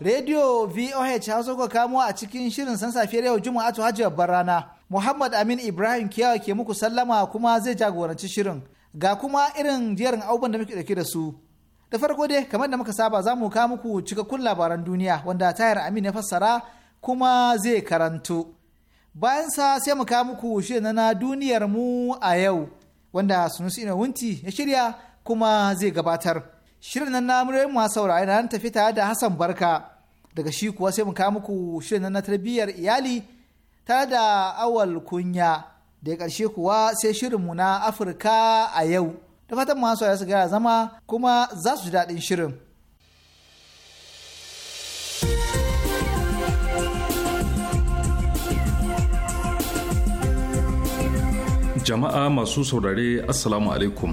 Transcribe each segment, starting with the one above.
Radio VOH ya zo kamo a cikin shirin san safiyar yau Juma'a to Hajji Muhammad Amin Ibrahim Kiyawa ke muku sallama kuma zai jagoranci shirin. Ga kuma irin jerin abubuwan da muke dauke da su. Da farko dai kamar da muka saba za mu kawo muku cikakkun labaran duniya wanda Tahir Amin ya fassara kuma zai karanto. Bayan sa sai mu kawo muku shirin na duniyar mu a yau wanda Sunusi Wunti ya shirya kuma zai gabatar. shirin nan na mu masu saurari na tafi tare da Hassan Barka daga shi kuwa sai mu kawo muku shirin nan na tarbiyyar iyali tare da awal kunya da karshe kuwa sai shirin mu na Afirka a yau da fatan masu saurari su gara zama kuma za su ji daɗin shirin. Jama'a masu saurare Assalamu alaikum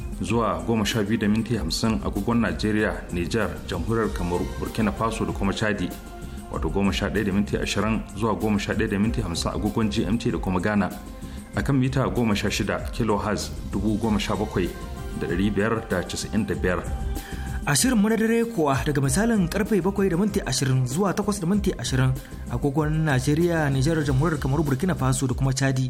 zuwa biyu da minti hamsin, agogon najeriya niger jamhuriyar kamaru burkina faso da kuma chadi wato ɗaya da minti ashirin zuwa ɗaya da minti hamsin agogon gmt da kuma ghana akan mita 16 kilohertz 17,595 ashirin mu na dare kuwa daga misalin karfe bakwai da minti ashirin zuwa takwas da minti ashirin; agogon najeriya nijar jamhuriyar kamaru burkina faso da kuma chadi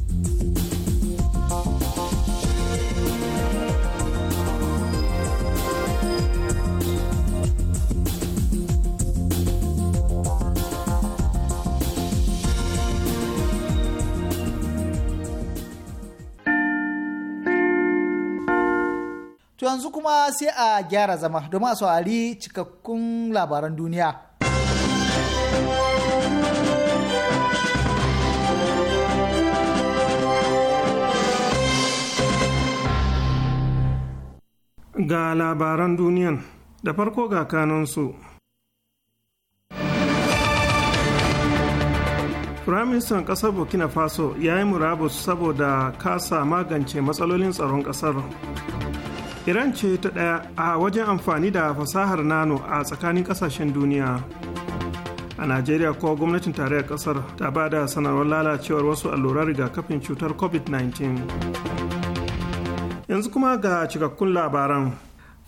yanzu kuma sai a gyara zama domin a saurari cikakkun labaran duniya. Ga labaran duniyan da farko ga kanansu. Firaministan ƙasar Burkina Faso ya yi murabus saboda kasa magance matsalolin tsaron ƙasar. iran ce ta ɗaya a wajen amfani da fasahar nano a tsakanin ƙasashen duniya a najeriya ko gwamnatin tarayyar ƙasar ta ba da sanarwar lalacewar wasu allurar rigakafin cutar covid-19 yanzu kuma ga cikakkun labaran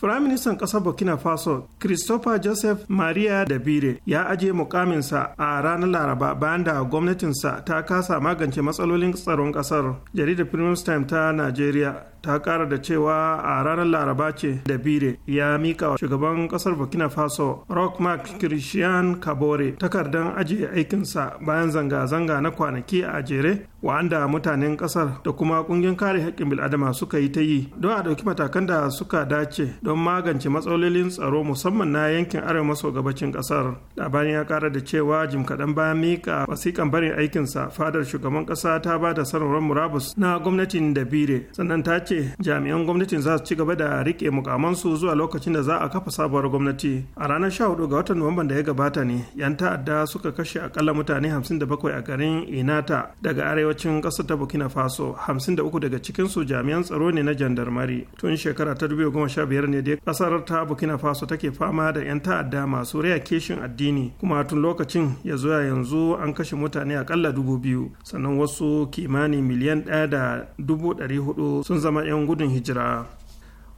Firaministan ƙasar Burkina Faso, Christopher Joseph Maria Dabire, ya aje mukaminsa a ranar Laraba bayan da gwamnatinsa ta kasa magance matsalolin tsaron ƙasar. Jaridar Primus Time ta Najeriya ta kara da cewa a ranar laraba ce da bire ya mika wa shugaban kasar burkina faso rock mark christian kabore takardar ajiye aikinsa bayan zanga-zanga na kwanaki a jere wa'anda mutanen kasar da kuma kungiyar kare haƙƙin bil'adama suka yi ta yi don a ɗauki matakan da suka dace don magance matsalolin tsaro musamman na yankin arewa maso gabacin kasar labarin ya kara da cewa jim kaɗan bayan mika wasiƙan barin aikinsa fadar shugaban ƙasa ta ba da sanarwar murabus na gwamnatin da bire sannan ta ce ce jami'an gwamnatin za su ci gaba da rike mukamansu zuwa lokacin da za a kafa sabuwar gwamnati a ranar 14 ga watan nuwamban da ya gabata ne yan ta'adda suka kashe akalla mutane bakwai a garin inata daga arewacin ƙasar ta burkina faso 53 daga cikinsu jami'an tsaro ne na jandarmari tun shekara ta 2015 ne da ƙasar ta burkina faso take fama da yan ta'adda masu raya keshin addini kuma tun lokacin ya zuwa yanzu an kashe mutane akalla dubu biyu sannan wasu kimanin miliyan ɗaya da dubu ɗari hudu sun zama 'yan gudun hijira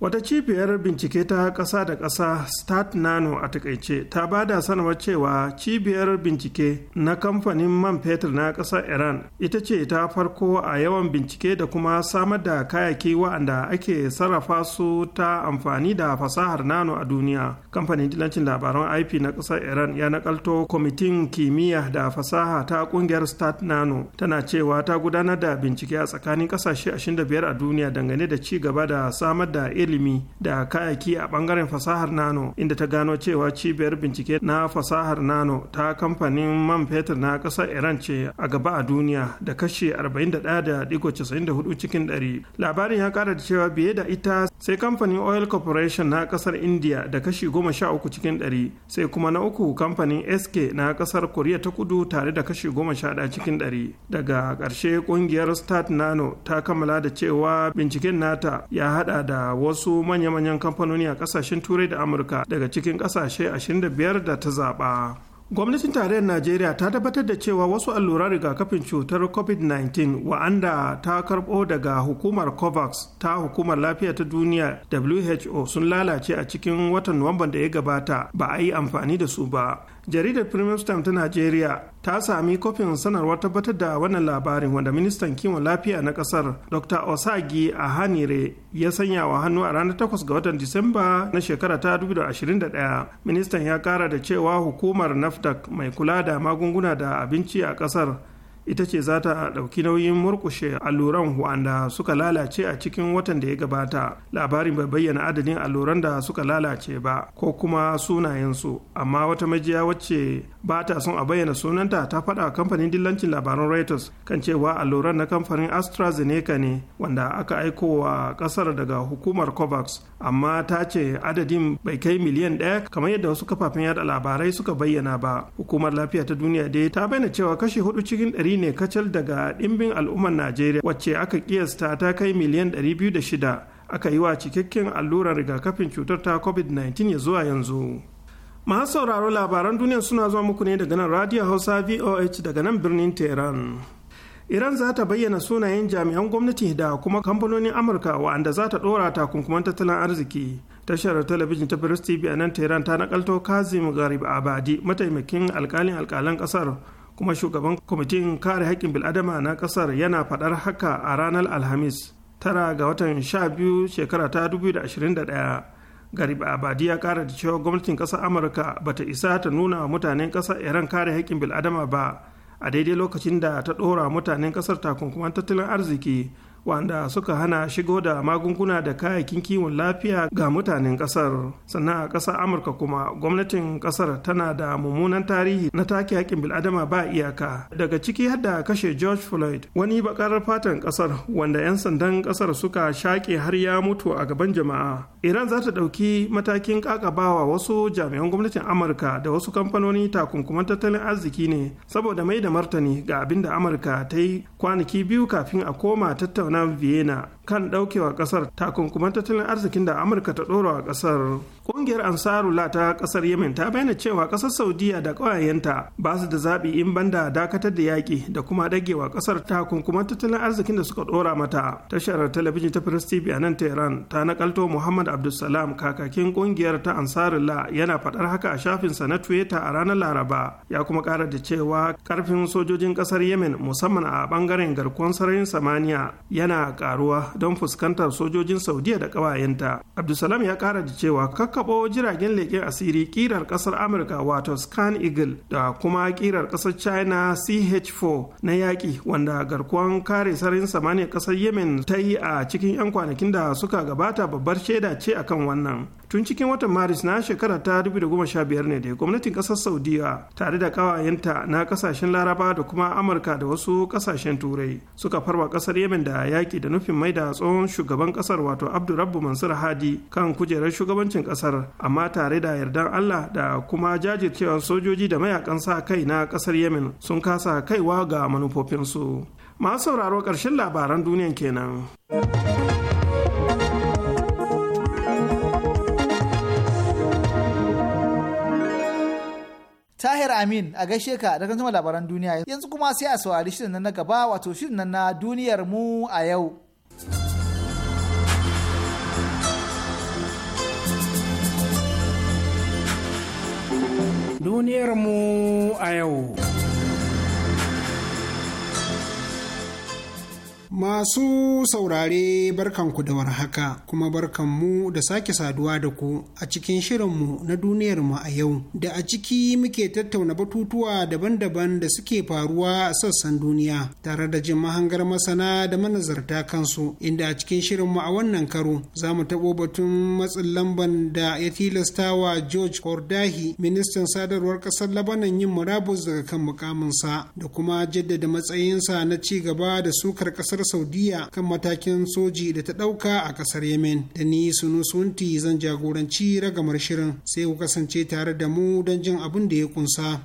wata cibiyar bincike ta ƙasa da ƙasa stat nano a takaice ta ba da sanarwar cewa cibiyar bincike na kamfanin man fetur na ƙasar iran ita ce ta farko a yawan bincike da kuma samar da kayaki wa'anda ake sarrafa su ta amfani da fasahar nano a duniya kamfanin dilancin labaran ip na ƙasar iran ya nakalto kwamitin kimiyya da fasaha ta ƙungiyar stat nano tana cewa ta gudanar da bincike a tsakanin ƙasashe 25 a duniya dangane da ci gaba da samar da ilimi da kayaki a bangaren fasahar nano inda ta gano cewa cibiyar bincike na fasahar nano ta kamfanin man fetur na kasar iran ce a gaba a duniya da kashe 41.94 cikin 100 labarin ya kara da cewa biye da ita sai kamfanin oil corporation na kasar india da kashi 13 cikin 100 sai kuma na uku kamfanin sk na kasar korea ta kudu tare da kashi 11 cikin 100 daga ƙarshe kungiyar start nano ta kammala da cewa binciken nata ya hada da wasu wasu manya-manyan kamfanoni a kasashen turai da amurka daga cikin kasashe 25 da ta zaba gwamnatin tarayyar najeriya ta tabbatar da cewa wasu alluran rigakafin cutar covid-19 wa'anda ta karbo daga hukumar covax ta hukumar lafiya ta duniya who sun lalace a cikin watan nuwamban da ya gabata ba a yi amfani da su ba jaridar premium stamp ta najeriya ta sami kofin sanarwar tabbatar da wannan labarin wanda ministan kiwon lafiya na kasar dr osagi ahanire ya sanya wa hannu a ranar 8 ga watan disamba na shekara ta 2021 ministan ya kara da cewa hukumar naftak mai kula da magunguna da abinci a kasar ita ce za ta ɗauki nauyin murkushe alluran wanda suka lalace a cikin watan da ya gabata labarin bai bayyana adadin alluran da suka lalace ba ko kuma sunayensu amma wata majiya wacce ba ta son a bayyana sunanta ta faɗa kamfanin dillancin labaran reuters kan cewa alluran na kamfanin astrazeneca ne wanda aka aiko wa ƙasar daga hukumar covax amma ta ce adadin bai kai miliyan ɗaya kamar yadda wasu kafafen yada labarai suka bayyana ba hukumar lafiya ta duniya dai ta bayyana cewa kashi hudu cikin ɗari ne kacal daga ɗimbin al'ummar najeriya wacce aka kiyasta ta kai miliyan 206 aka yi wa cikakken allurar rigakafin cutar ta covid-19 ya zuwa yanzu masu sauraro labaran duniya suna zuwa muku ne daga nan radio hausa voh daga nan birnin tehran Iran za ta bayyana sunayen jami'an gwamnati da kuma kamfanonin Amurka wa'anda za ta ɗora takunkuman tattalin arziki. Tashar talabijin ta Firist TV a nan Tehran ta nakalto Kazim Garib Abadi, mataimakin alkalin alkalan kasar. kuma shugaban kwamitin kare haƙƙin bil'adama na ƙasar yana faɗar haka a ranar alhamis tara ga watan sha biyu shekara ta 2021 garib abadi ya ƙara da cewa gwamnatin ƙasar amurka bata isa ta nuna mutanen ƙasar iran kare haƙƙin bil'adama ba a daidai lokacin da ta ɗora mutanen ƙasar takunkuman tattalin arziki wanda suka hana shigo da magunguna da kayayyakin kiwon lafiya ga mutanen kasar sannan a kasar amurka kuma gwamnatin kasar tana da mummunan tarihi na take haƙƙin bil'adama ba iyaka daga ciki har da kashe george floyd wani bakar fatan kasar wanda 'yan sandan kasar suka shaƙe har ya mutu a gaban jama'a iran za ta ɗauki matakin ƙaƙabawa wasu jami'an gwamnatin amurka da wasu kamfanoni takunkuman tattalin arziki ne saboda mai da martani ga abin da amurka ta yi kwanaki biyu kafin a koma tattauna na Viena kan ɗaukewa ƙasar takunkuman tattalin arzikin da amurka ta ɗora a ƙasar ƙungiyar ansarula ta ƙasar yemen ta bayyana cewa ƙasar saudiya da ƙawayenta ba su da zaɓi in banda dakatar da yaƙi da kuma dagewa ƙasar takunkuman tattalin arzikin da suka ɗora mata tashar talabijin ta press tv a nan tehran ta nakalto muhammad abdulsalam kakakin ƙungiyar ta ansarula yana faɗar haka a shafinsa na twitter a ranar laraba ya kuma ƙara da cewa ƙarfin sojojin ƙasar yemen musamman a ɓangaren garkuwan sararin samaniya yana ƙaruwa don fuskantar sojojin saudiya da ƙawayenta abdulsalam ya ƙara da cewa kakkaɓo jiragen leƙen asiri ƙirar ƙasar amurka wato scan eagle da kuma ƙirar ƙasar china ch4 na yaƙi wanda garkuwan kare sararin samaniya ƙasar yemen ta yi a cikin 'yan kwanakin da suka gabata babbar shaida ce akan wannan tun cikin watan maris na shekara ta 2015 ne da gwamnatin kasar saudiya tare da kawayenta na kasashen laraba da kuma amurka da wasu kasashen turai suka farwa kasar yemen da yaki da nufin mai da tsohon shugaban kasar wato abdurabbu mansur hadi kan kujerar shugabancin kasar amma tare da yardan allah da kuma jajircewar sojoji da mayakan sa kai na kasar yemen sun kasa kaiwa ga manufofinsu masu sauraro ƙarshen labaran duniyan kenan. Tahir Amin a gaishe ka da kan labaran duniya yanzu kuma sai a saurari shirin nan na gaba wato shirin nan na duniyar mu a yau. Duniyar mu a yau. Masu saurare barkanku da warhaka kuma barkanmu da sake saduwa da ku a cikin shirinmu na duniyarmu a yau da a ciki muke tattauna batutuwa daban-daban da suke faruwa a sassan duniya tare da jin mahangar masana da manazarta kansu inda a cikin shirinmu a wannan karo za mu taɓo batun matsin lamban da ya tilasta wa George Kordahi ministan sadarwar ƙasar Labanan yin murabus daga kan mukaminsa da kuma jaddada matsayinsa na ci gaba da sukar ƙasar saudiya kan matakin soji da ta ɗauka a ƙasar yemen da ni sunu sunti zan jagoranci ragamar shirin sai ku kasance tare da mu don jin abin da ya kunsa.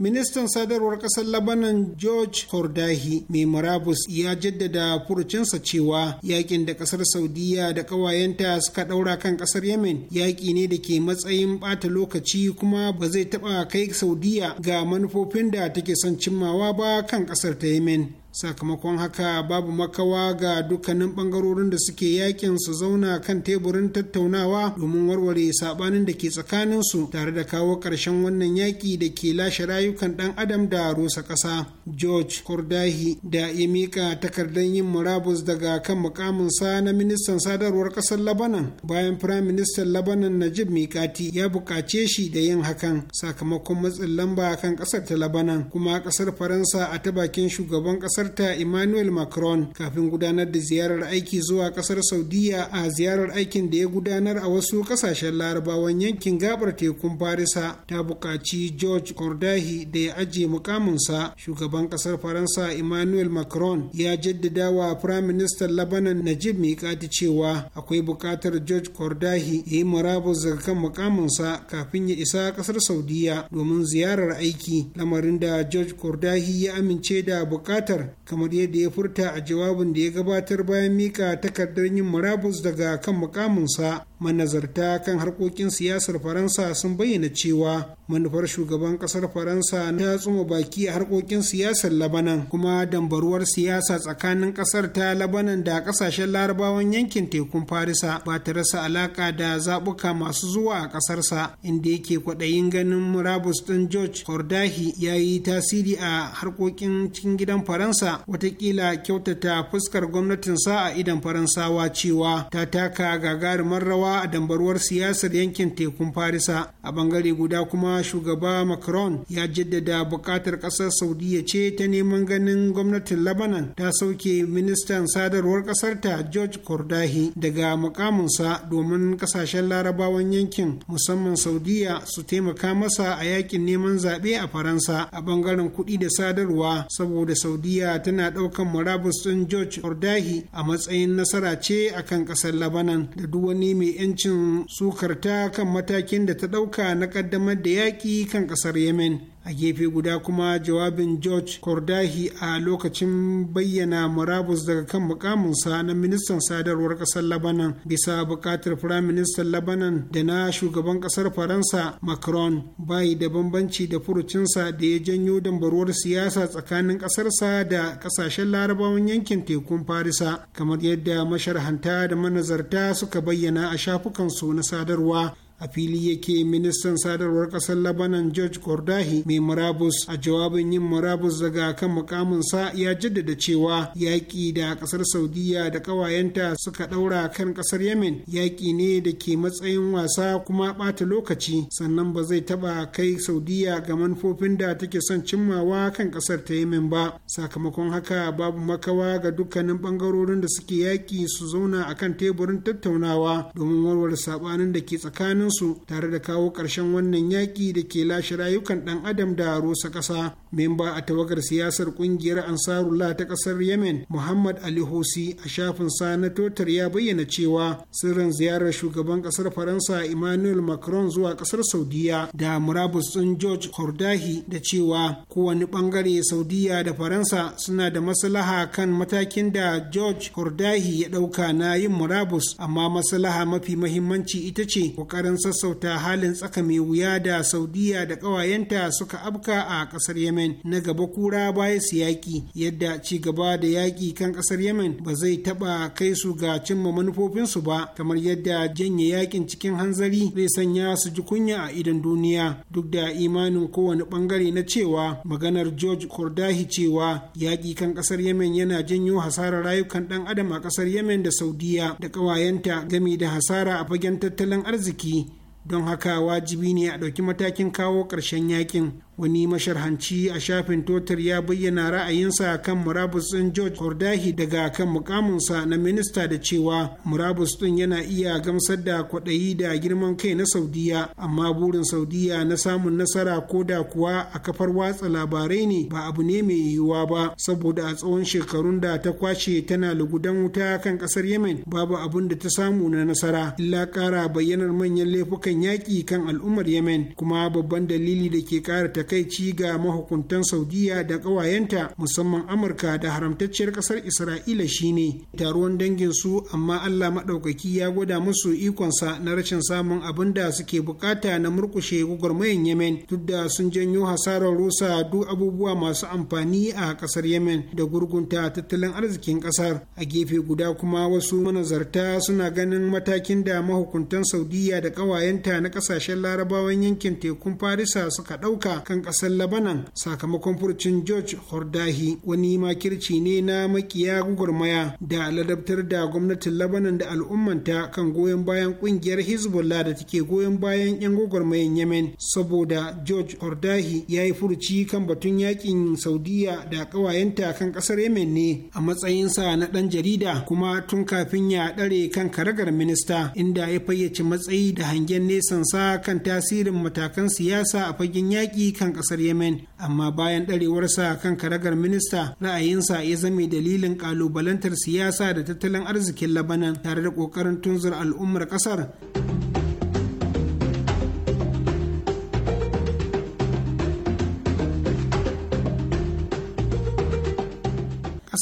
ministan sadarwar ƙasar labanan george kordahi mai murabus ya jaddada furucinsa cewa yakin da ƙasar saudiya da ƙawayenta suka ɗaura kan ƙasar yemen yaƙi ne da ke matsayin ɓata lokaci kuma ba zai taɓa kai saudiya ga manufofin da take son cimmawa ba kan ƙasar ta yemen sakamakon haka babu makawa ga dukkanin bangarorin da suke yakin su zauna kan teburin tattaunawa domin warware sabanin da ke tsakanin su tare da kawo ƙarshen wannan yaƙi da ke lashe rayukan ɗan adam da rusa ƙasa george kordahi da ya miƙa takardar yin murabus daga kan mukaminsa na ministan sadarwar ƙasar labanan bayan firayim ministan labanan najib mikati ya buƙace shi da yin hakan sakamakon matsin lamba kan ƙasar ta labanan kuma ƙasar faransa a ta bakin shugaban ƙasar kasar ta Emmanuel Macron kafin gudanar da ziyarar aiki zuwa kasar Saudiya a ziyarar aikin da ya gudanar a wasu kasashen larabawan yankin gabar tekun Farisa ta buƙaci George Kordahi da ya ajiye mukaminsa shugaban kasar Faransa Emmanuel Macron ya jaddada wa Prime Minister Lebanon Najib Mikati cewa akwai buƙatar George Kordahi ya yi murabus daga kan mukaminsa kafin ya isa kasar Saudiya domin ziyarar aiki lamarin da George Kordahi ya amince da bukatar. kamar yadda ya furta a jawabin da ya gabatar bayan mika takardar yin murabus daga kan mukaminsa manazarta kan harkokin siyasar faransa sun bayyana cewa manufar shugaban kasar faransa ta tsuma baki a harkokin siyasar labanan kuma dambaruwar siyasa tsakanin kasar ta labanan da kasashen larabawan yankin tekun farisa ba ta rasa alaka da zabuka masu zuwa a kasarsa inda yake kwaɗayin ganin murabus ɗin george kordahi ya yi tasiri a harkokin cikin gidan faransa watakila kyautata fuskar gwamnatinsa a idan faransawa cewa ta taka gagarumar rawa afkawa a dambarwar siyasar yankin tekun farisa a bangare guda kuma shugaba macron ya jaddada buƙatar ƙasar saudiya ce ta neman ganin gwamnatin lebanon ta sauke ministan sadarwar ƙasarta george kordahi daga mukaminsa domin ƙasashen larabawan yankin musamman saudiya su taimaka masa a yakin neman zaɓe a faransa a bangaren kuɗi da sadarwa saboda saudiya tana ɗaukan murabus ɗin george kordahi a matsayin nasara ce akan ƙasar labanan da duk wani mai 'yancin sukarta kan matakin da ta ɗauka na ƙaddamar da yaƙi kan ƙasar yemen a gefe guda kuma jawabin george kordahi a lokacin bayyana murabus daga kan mukaminsa na ministan sadarwar kasar labanan bisa bukatar firaministan labanan da na shugaban kasar faransa macron bai da bambanci da furucinsa da ya janyo dambaruwar siyasa tsakanin kasarsa da kasashen larabawan yankin tekun farisa kamar yadda masharhanta da manazarta suka bayyana a shafukansu na sadarwa a fili yake ministan sadarwar kasar labanan george gordahi mai murabus a jawabin yin murabus daga kan mukaminsa ya jaddada cewa yaƙi da kasar saudiya da ƙawayenta suka ɗaura kan kasar yemen yaƙi ne da ke matsayin wasa kuma ɓata lokaci sannan ba zai taɓa kai saudiya ga manufofin da take son cimmawa kan kasar ta yemen ba sakamakon haka babu makawa ga dukkanin ɓangarorin da suke yaƙi su zauna akan teburin tattaunawa domin warware saɓanin da ke tsakanin kansu tare da kawo ƙarshen wannan yaƙi da ke lashe rayukan ɗan adam da rusa ƙasa memba a tawagar siyasar ƙungiyar ansarullah ta ƙasar yemen muhammad ali hosi a shafin sa na totar ya bayyana cewa sirrin ziyarar shugaban ƙasar faransa emmanuel macron zuwa ƙasar saudiya da murabus ɗin george kordahi da cewa kowane ɓangare saudiya da faransa suna da maslaha kan matakin da george kordahi ya ɗauka na yin murabus amma maslaha mafi mahimmanci ita ce ƙoƙarin sassauta halin tsaka mai wuya da saudiya da ƙawayenta suka abka a ƙasar yemen na gaba kura baya su yaƙi yadda ci gaba da yaƙi kan ƙasar yemen ba zai taɓa kai su ga cimma manufofinsu ba kamar yadda janye yaƙin cikin hanzari zai sanya su ji kunya a idan duniya duk da imanin kowane ɓangare na cewa maganar george kordahi cewa yaƙi kan ƙasar yemen yana janyo hasarar rayukan ɗan adam a ƙasar yemen da saudiya da ƙawayenta gami da hasara a fagen tattalin arziki don haka wajibi ne a ɗauki matakin kawo ƙarshen yakin wani masharhanci a shafin totar ya bayyana ra'ayinsa kan murabus ɗin george kordahi daga kan mukaminsa na minista da cewa murabus ɗin yana iya gamsar da kwaɗayi da girman kai na saudiya amma burin saudiya na samun nasara ko da kuwa a kafar watsa labarai ne ba abu ne mai yiwuwa ba saboda a tsawon shekarun da ta kwace tana lugudan wuta kan ƙasar yemen babu abin da ta samu na nasara illa ƙara bayyanar manyan laifukan yaƙi kan al'ummar yemen kuma babban dalili da ke ƙara takaici ga mahukuntan saudiya da kawayenta musamman amurka da haramtacciyar kasar isra'ila shine taruwan dangin su amma allah maɗaukaki ya gwada musu ikonsa na rashin samun abin da suke bukata na murkushe gwagwarmayan yemen duk da sun janyo hasarar rusa duk abubuwa masu amfani a kasar yemen da gurgunta tattalin arzikin kasar a gefe guda kuma wasu manazarta suna ganin matakin da mahukuntan saudiya da kawayenta na kasashen larabawan yankin tekun farisa suka ɗauka kan kan ƙasar labanan sakamakon furcin george hordahi wani makirci ne na makiya gwagwarmaya da ladabtar da gwamnatin labanan da al'ummanta kan goyon bayan ƙungiyar hezbollah da take goyon bayan 'yan gwagwarmayan yemen saboda george hordahi ya yi furci kan batun yakin saudiya da ƙawayenta kan ƙasar yemen ne a matsayinsa na ɗan jarida kuma tun kafin ya ɗare kan karagar minista inda ya fayyace matsayi da hangen nesansa kan tasirin matakan siyasa a fagen yaƙi kan kan kasar yemen amma bayan ɗarewarsa kan karagar minista ra'ayinsa ya zame dalilin ƙalubalantar siyasa da tattalin arzikin labanan tare da ƙoƙarin tunzur al'ummar ƙasar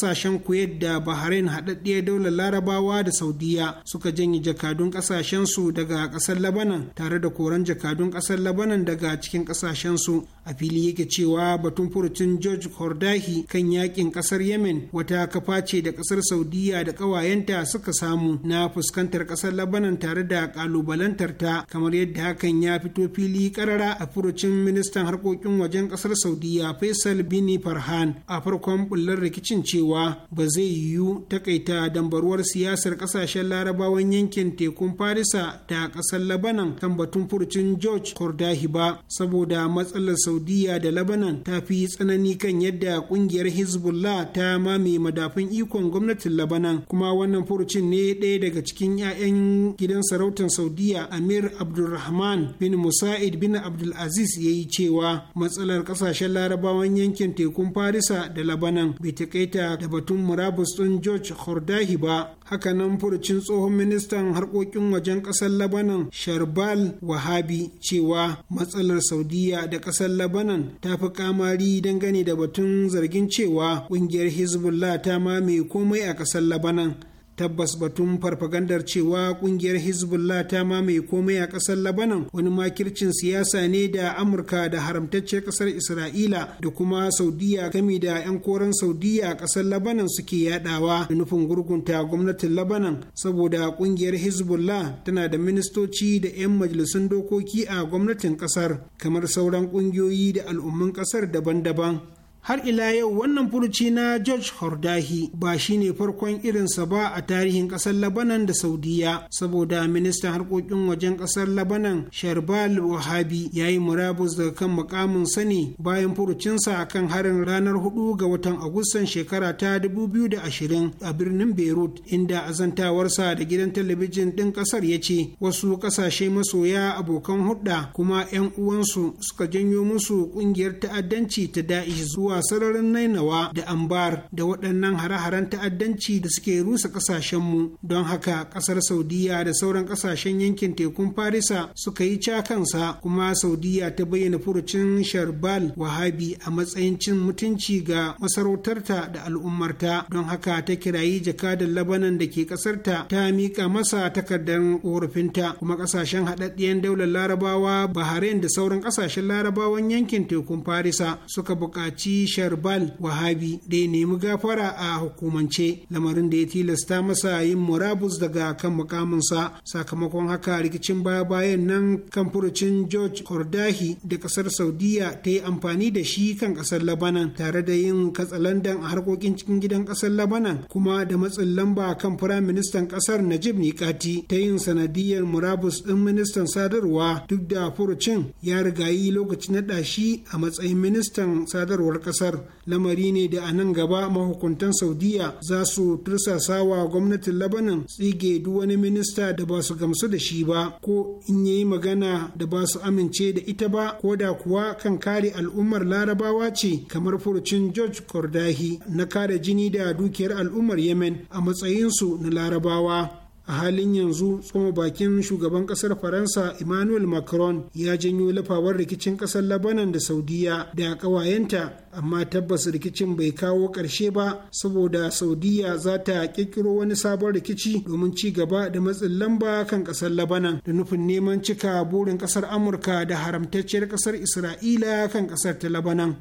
kasashen kuwait da bahrain haɗaɗɗiyar daular larabawa da saudiya suka janye jakadun kasashen su daga ƙasar labanan tare da koran jakadun ƙasar labanan daga cikin kasashen su a fili yake cewa batun furucin george kordahi kan yakin ƙasar yemen wata kafa ce da ƙasar saudiya da ƙawayenta suka samu na fuskantar ƙasar labanan tare da ƙalubalantar ta kamar yadda hakan ya fito fili ƙarara a furucin ministan harkokin wajen ƙasar saudiya faisal bini farhan a farkon bullar rikicin cewa cewa ba zai yiwu takaita dambarwar siyasar kasashen larabawan yankin tekun farisa da kasar labanan kan batun furcin george kordahi ba saboda matsalar saudiya da labanan ta fi tsanani kan yadda kungiyar hezbollah ta mame madafin ikon gwamnatin labanan kuma wannan furcin ne ɗaya daga cikin 'ya'yan gidan sarautar saudiya amir abdulrahman bin musa'id bin abdulaziz ya yi cewa matsalar kasashen larabawan yankin tekun farisa da labanan bai takaita da batun murabus ɗin george hordahi ba hakanan furucin tsohon ministan harkokin wajen ƙasar labanan sharbal wahabi cewa matsalar saudiya da ƙasar labanan ta fi kamari dangane da batun zargin cewa ƙungiyar hezbollah ta mame komai a ƙasar labanan tabbas batun farfagandar cewa kungiyar hezbollah ta mamaye komai a ƙasar labanan wani makircin siyasa ne da amurka da haramtacciyar ƙasar isra'ila da kuma saudiya gami da 'yan koren saudiya a ƙasar labanan suke yadawa da nufin gurgunta gwamnatin labanan saboda kungiyar hezbollah tana da ministoci da 'yan majalisun dokoki a gwamnatin ƙasar kamar sauran ƙungiyoyi da al'ummin ƙasar daban-daban har ila yau wannan furuci na george hordahi ba shine farkon irinsa ba a tarihin kasar labanan da saudiya saboda ministan harkokin wajen kasar labanan sharbal wahabi ya yi murabus daga kan mukamin sani bayan furucinsa a kan harin ranar 4 ga watan agustan shekara ta 2020 a birnin beirut inda azantawarsa da gidan talabijin ɗin kasar ya ce wasu ƙasashe masoya abokan hudda kuma 'yan uwansu suka janyo musu ƙungiyar ta'addanci ta da'ish zuwa zuwa sararin nainawa da ambar da waɗannan hare-haren ta'addanci da suke rusa ƙasashenmu don haka ƙasar saudiya da sauran ƙasashen yankin tekun farisa suka yi cakansa kuma saudiya ta bayyana furucin sharbal wahabi a matsayin cin mutunci ga masarautarta da al'ummarta don haka ta kirayi jakadan labanan da ke ƙasarta ta miƙa masa takardar ƙorafinta kuma ƙasashen haɗaɗɗiyar daular larabawa bahrain da sauran ƙasashen larabawan yankin tekun farisa suka buƙaci shi sharbal wahabi da ya nemi gafara a hukumance lamarin da ya tilasta masa yin murabus daga kan mukaminsa sakamakon haka rikicin baya bayan nan kan furucin george kordahi da kasar saudiya ta yi amfani da shi kan kasar labanan tare da yin katsalandan a harkokin cikin gidan kasar labanan kuma da matsin lamba kan firaministan kasar najib nikati ta yin sanadiyar murabus ɗin ministan sadarwa duk da furucin ya rigayi lokacin naɗa shi a matsayin ministan sadarwar kasar lamari ne da a nan gaba mahukuntan saudiya za su tursasa wa gwamnatin labanin tsige duk wani minista da ba su gamsu da shi ba ko in yi magana da ba su amince da ita ba ko da kuwa kan kare al'ummar larabawa ce kamar furcin george kordahi na kare jini da dukiyar al'ummar yemen a matsayinsu na larabawa a halin yanzu tsoma bakin shugaban kasar faransa emmanuel macron ya janyo lafawar rikicin kasar labanan da saudiya da kawayenta amma tabbas rikicin bai kawo ƙarshe ba saboda saudiya za ta kirkiro wani sabon rikici domin ci gaba da matsin lamba kan kasar labanan da nufin neman cika burin kasar amurka da haramtacciyar kasar isra'ila kan kasar ta labanan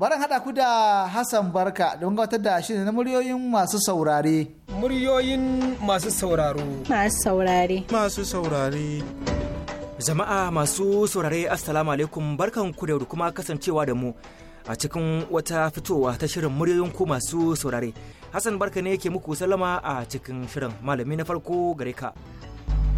baran haɗa ku da Hassan Barka don gabatar da ne na muryoyin masu saurare. Muryoyin masu sauraro. Masu saurare. Masu saurare. Jama'a masu saurare Assalamu alaikum barkan ku da kuma kasancewa da mu a cikin wata fitowa ta shirin muryoyin ku masu saurare. Hassan Barka ne ke muku sallama a cikin shirin malami na farko gare ka.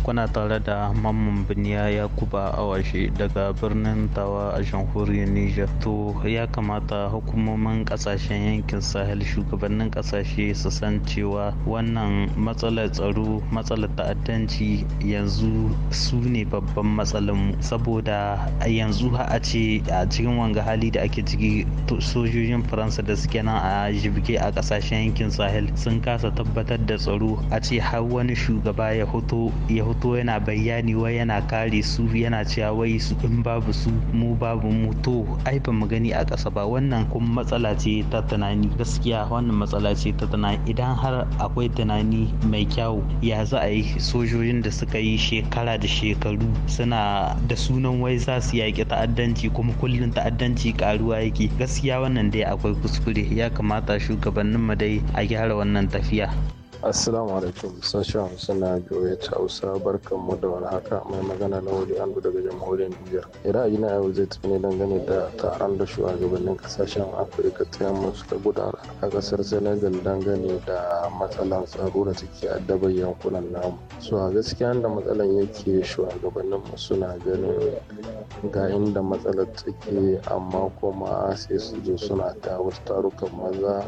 kuna tare da mamman biniya yakuba awashi daga birnin tawa a jamhuriyar niger to ya kamata hukumomin kasashen yankin sahel shugabannin kasashe su san cewa wannan matsalar tsaro matsalar ta'addanci yanzu su ne babban mu saboda yanzu ha a ce a cikin wanga hali da ake ciki sojojin faransa da suke nan a jibge a kasashen yankin sahel sun kasa tabbatar da tsaro a ce har wani shugaba ya hoto ya fito yana bayani wai yana kare su yana cewa wai su in babu su mu babu mu to ai ba mu gani a ƙasa ba wannan kuma matsala ce ta tunani gaskiya wannan matsala ce ta tunani idan har akwai tunani mai kyau ya za a yi sojojin da suka yi shekara da shekaru suna da sunan wai za su yaƙi ta'addanci kuma kullum ta'addanci karuwa yake gaskiya wannan dai akwai kuskure ya kamata mu dai a gyara wannan tafiya. Assalamu alaikum sashen Hausa na Joye ta Hausa barkan mu da wani haka mai magana na wuri an daga jamhuriyar Nijar. yi na yau zai tafi ne dangane da taron da shugabannin kasashen Afirka ta yamma suka gudanar a kasar Senegal dangane da matsalar tsaro da take addabar yankunan namu. So a gaskiya da matsalar yake shugabannin mu suna ganin ga inda matsalar take amma kuma sai su zo suna ta wasu tarukan maza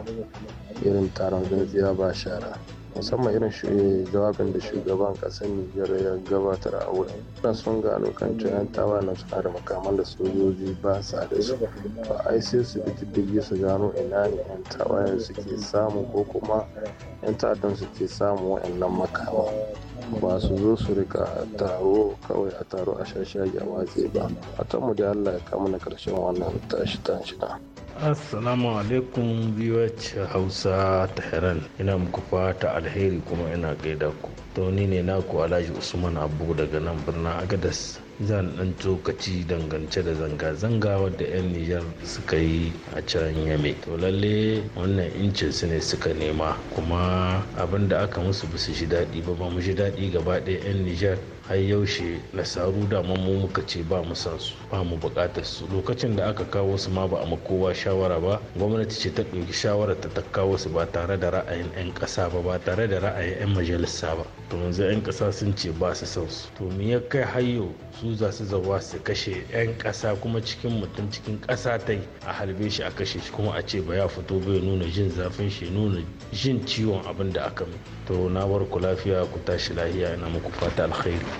irin taron gajiya ba shara. musamman irin eh, jawabin da shugaban kasar nijar ya gabatar a wurin na sun gano kan cewa tawa na suna da makaman da sojoji ba sa da su to ai sai su bi su gano ina ne yan tawayen suke samu ko kuma yan ta'addan suke samu wa'annan makaman ba su zo su rika taro kawai a taro a shashagi a watse ba a mu da allah ya kama na karshen wannan tashi tashi na Assalamu alaikum VOH Hausa Tehran ina muku fata alheri kuma ina gaida ku. To ni ne naku Alhaji Usman Abu daga nan birnin Agadas. Zan ɗan tsokaci dangance da zanga-zanga wadda 'yan Nijar suka yi a can Yame. To lalle wannan incin su ne suka nema kuma abin da aka musu ba su ji daɗi ba ba mu ji daɗi gaba ɗaya 'yan Nijar har yaushe nasaru da mu muka ce ba mu san su ba mu bukatar su lokacin da aka kawo su ma ba a kowa shawara ba gwamnati ce ta ɗauki shawarar ta kawo su ba tare da ra'ayin 'yan ƙasa ba ba tare da ra'ayin 'yan majalisa ba to yanzu 'yan ƙasa sun ce ba su san su to me ya kai hayo su za su zawa su kashe 'yan ƙasa kuma cikin mutum cikin ƙasa ta a halbe shi a kashe shi kuma a ce ba ya fito bai nuna jin zafin shi nuna jin ciwon abin da aka mai to na bar ku lafiya ku tashi lahiya ina muku fata alkhairi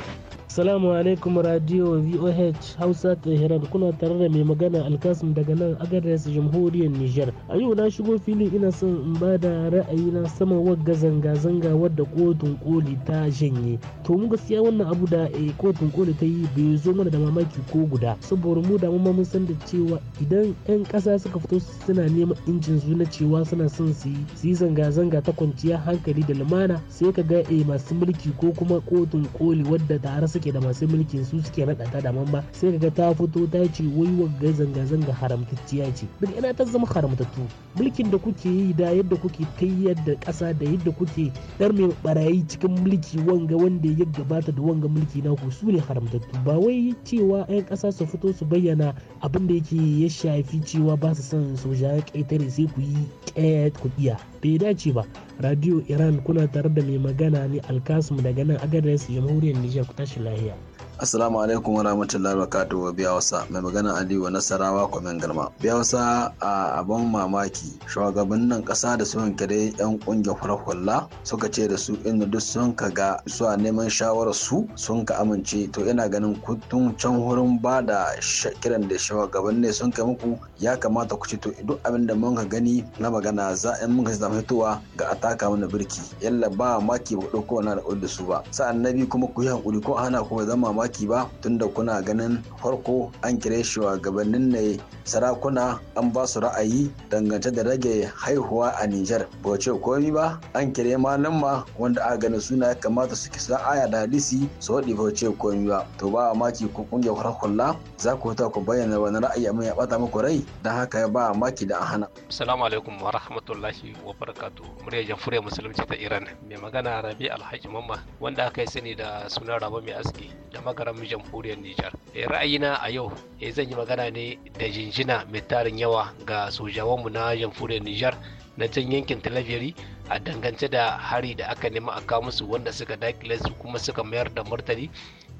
Assalamu alaikum radio VOH Hausa Tehran kuna tare da mai magana Alkasim daga nan Agadez Jamhuriyar Nijar. A yau na shigo filin ina son in ba da ra'ayi na sama wagga zanga-zanga wadda kotun koli ta janye. To mu gaskiya wannan abu da e, kotun koli ta yi bai zo mana da mamaki ko guda. Saboda mu da mun san da cewa idan 'yan ƙasa suka fito suna neman injin su na cewa suna son su yi zanga-zanga ta kwanciya hankali da lumana sai ka ga e, masu mulki ko kuma kotun koli wadda tare suke ke da masu mulkin su suke naɗa ta da mamba sai kaga ta fito ta ce wai wagga zanga-zanga haramtacciya ce duk ina ta zama haramtattu mulkin da kuke yi da yadda kuke tayyar da ƙasa da yadda kuke dar mai barayi cikin mulki wanga wanda ya gabata da wanga mulki naku su ne haramtattu ba wai cewa 'yan ƙasa su fito su bayyana abin da yake ya shafi cewa ba su son soja ƙetare sai ku yi ƙet ku iya bai dace ba radio iran kuna tare da mai magana ne alkasmu daga nan agadez jamhuriyar nijar ku tashi lahiya Assalamu alaikum wa rahmatullahi wa katu wa Biyawasa mai magana Aliyu Nasarawa kwamen garma. Biyawasa a abin mamaki shugabannin kasa da sun kare yan kungiyar farfalla suka ce da su inda duk sun ka ga suwa neman shawarar su sun ka amince to ina ganin kuntun can hurin ba da kiran da shugaban ne sun kai muku ya kamata ku ce to duk abin da mun ka gani na magana za in mun ka zama fitowa ga a taka mana birki yalla ba maki ba ku dauko wannan da su ba sa'an nabi kuma ku yi hakuri ko hana ku zama mamaki ba tunda kuna ganin farko an kire shi gabanin ne sarakuna an ba su ra'ayi dangance da rage haihuwa a Nijar. Ba ce komi ba an kire malam ma wanda aka gani suna ya kamata su kisa aya da hadisi su haɗi ba ce komi ba. To ba mamaki ku kungiyar farkulla za ku ta ku bayyana wani ra'ayi mai ya bata muku rai don haka ba mamaki da ahana hana. Assalamu alaikum wa rahmatullahi wa barakatuh. Muryar fure Musulunci ta Iran. Mai magana Rabi Alhaji Mamma wanda aka yi sani da sunan Rabo Mai Aski da mijin furiyar Nijar. Eh, ra'ayina a yau eh, zan yi magana ne da jinjina mai tarin yawa ga sojawanmu na furiyar Nijar na can yankin talabiri a dangance da hari da aka nema a kawo musu wanda suka dakile su kuma suka mayar da martani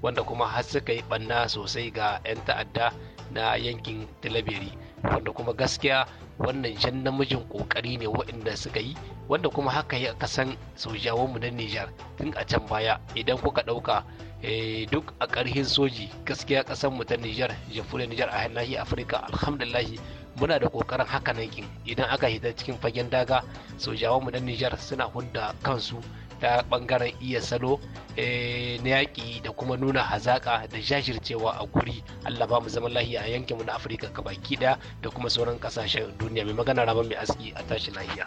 wanda kuma har suka yi banna sosai ga 'yan ta'adda na yankin talabiri wanda kuma gaskiya wannan jan namijin kokari ne waɗanda suka yi wanda kuma haka ya kasan sojawanmu na nijar tun a can baya idan kuka ɗauka Eh, duk a ƙarhin soji gaskiya ƙasar mu ta Nijar jamhuriyar Nijar a nahiyar Afirka alhamdulillahi muna da kokarin haka nan idan aka hita cikin fagen daga sojawan mu na Nijar suna hudda kansu ta bangaren iya salo eh, na yaƙi da kuma nuna hazaƙa da jajircewa a guri Allah ba mu zaman lahiya a yankinmu na Afirka gabaki ɗaya da kuma sauran ƙasashen duniya mai magana raba mai aski a tashi lahiya.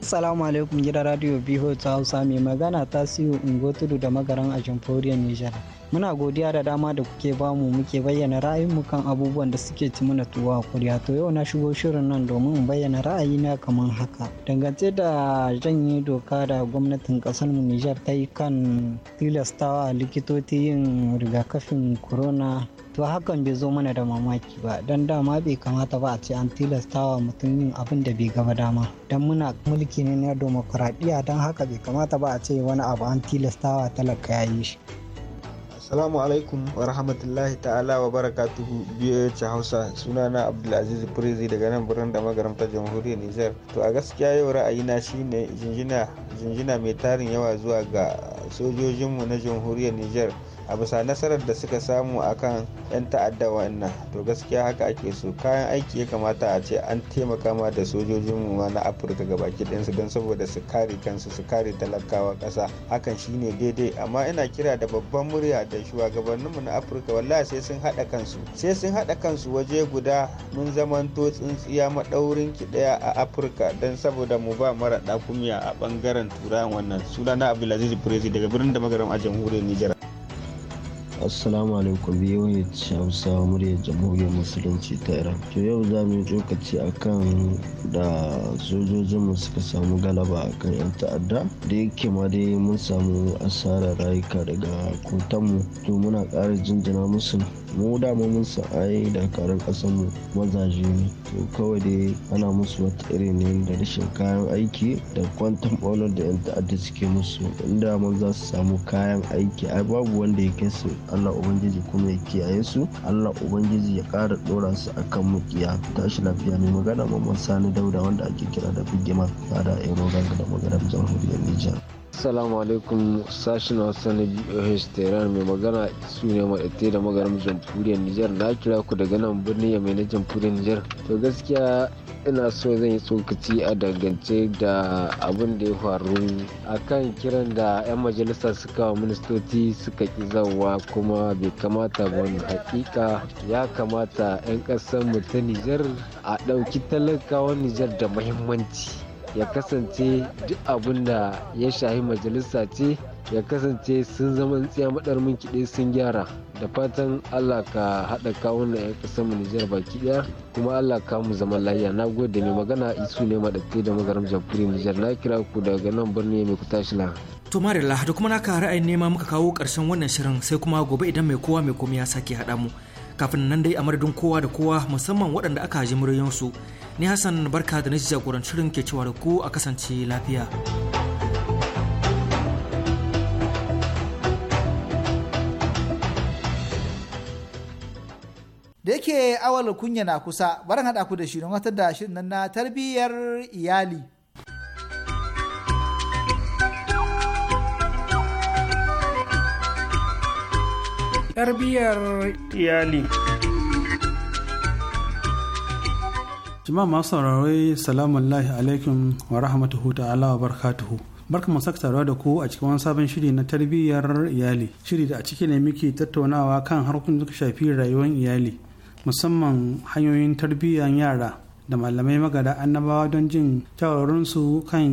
Salamu alaikum gidan radio biho ta Hausa mai magana ta siyo Ungo Tudu da magaran a Jamhuriyar Nijar. Muna godiya da dama da kuke bamu muke bayyana ra'ayin mu kan abubuwan da suke ci mana tuwa a kuriya. To yau na shigo shirin nan domin in bayyana ra'ayi na kamar haka. Dangance da janye doka da gwamnatin kasar mu Nijar ta yi kan tilastawa likitoci yin rigakafin corona to hakan bai zo mana da mamaki ba don dama bai kamata ba a ce an tilastawa mutum yin abin da bai gaba dama don muna mulki ne na demokuraɗiyya don haka bai kamata ba a ce wani abu an tilastawa talaka ya yi shi Assalamu alaikum wa rahmatullahi ta'ala wa barakatuhu biyu Hausa na Abdulaziz firizi daga nan birnin da ta jamhuriyar Nijar. To a gaskiya yau ra'ayi na shine jinjina jinjina mai tarin yawa zuwa ga sojojinmu na jamhuriyar Nijar a bisa nasarar da suka samu a kan 'yan ta'adda wannan to gaskiya haka ake so kayan aiki ya kamata a ce an taimaka ma da sojojinmu mu na afirka gabaki ɗinsu don saboda su kare kansu su kare talakawa ƙasa hakan shine daidai amma ina kira da babban murya da mu na afirka wallahi sai sun haɗa kansu sai sun haɗa kansu waje guda mun zamanto tsintsiya maɗaurin ki ɗaya a afirka don saboda mu ba mara ɗakumiya a ɓangaren turawan wannan sunana abdulaziz brezi daga birnin da magaram a jamhuriyar nijar assalamu alaikum biyoyi hausa muryar jamhuriyar musulunci ta iran to yau za mu yi tsokaci akan da sojojinmu suka samu galaba akan yan ta'adda da yake ma dai mun samu asarar rayuka daga kotanmu to muna ƙara jinjina musu mu da mu mun sa ai dakarun kasan mu mazaje ne to kawai dai ana musu wata irin ne da rashin kayan aiki da kwantan ɓaunar da 'yan ta'adda suke musu inda mun za su samu kayan aiki ai babu wanda ya kai su allah ubangiji kuma ya kiyaye su allah ubangiji ya ƙara dora su akan mukiya tashi lafiya mai magana mamman sani dauda wanda ake kira da bigima a ero ganga da maganar jamhuriyar nijar assalamu alaikum sashen hausa na boh tehran mai magana su ne maɗate da magaram jamhuriyar nijar na kira ku daga nan birnin yamai na jamhuriyar nijar to gaskiya ina so zan yi tsokaci a dangance da abin da ya faru akan kiran da 'yan majalisa suka wa ministoci suka ƙi zawa kuma bai kamata ba wani hakika ya kamata 'yan ƙasar mu ta nijar a ɗauki talakawan nijar da muhimmanci ya kasance duk abin da ya shahi majalisa ce ya kasance sun zama tsiya madar mun kiɗe sun gyara da fatan allah ka haɗa kawun na ya ƙasar mu nijar baki ɗaya kuma allah ka mu zaman lafiya na gode mai magana isu ne ma da magaram jamhuriyar nijar na kira ku daga nan birni mai ku tashi na To Marilla da kuma naka ra'ayin nema muka kawo ƙarshen wannan shirin sai kuma gobe idan mai kowa mai komai ya sake haɗa mu kafin nan dai a madadin kowa da kowa musamman waɗanda aka ji muryansu ni hassan barka da na jagorancin ke cewa da ku a kasance lafiya. da yake awal kunya na kusa barin haɗa ku da shi don da shirin nan na tarbiyyar iyali. tarbiyyar iyali jima masu saurare salamun lahi alaikum wa rahmatuhu ta'ala wa barakatuhu barka mu saka da ku a cikin wani sabon shiri na tarbiyyar iyali shiri da a ciki ne muke tattaunawa kan harkokin da suka shafi rayuwar iyali musamman hanyoyin tarbiyyar yara da malamai magada annabawa don jin su kan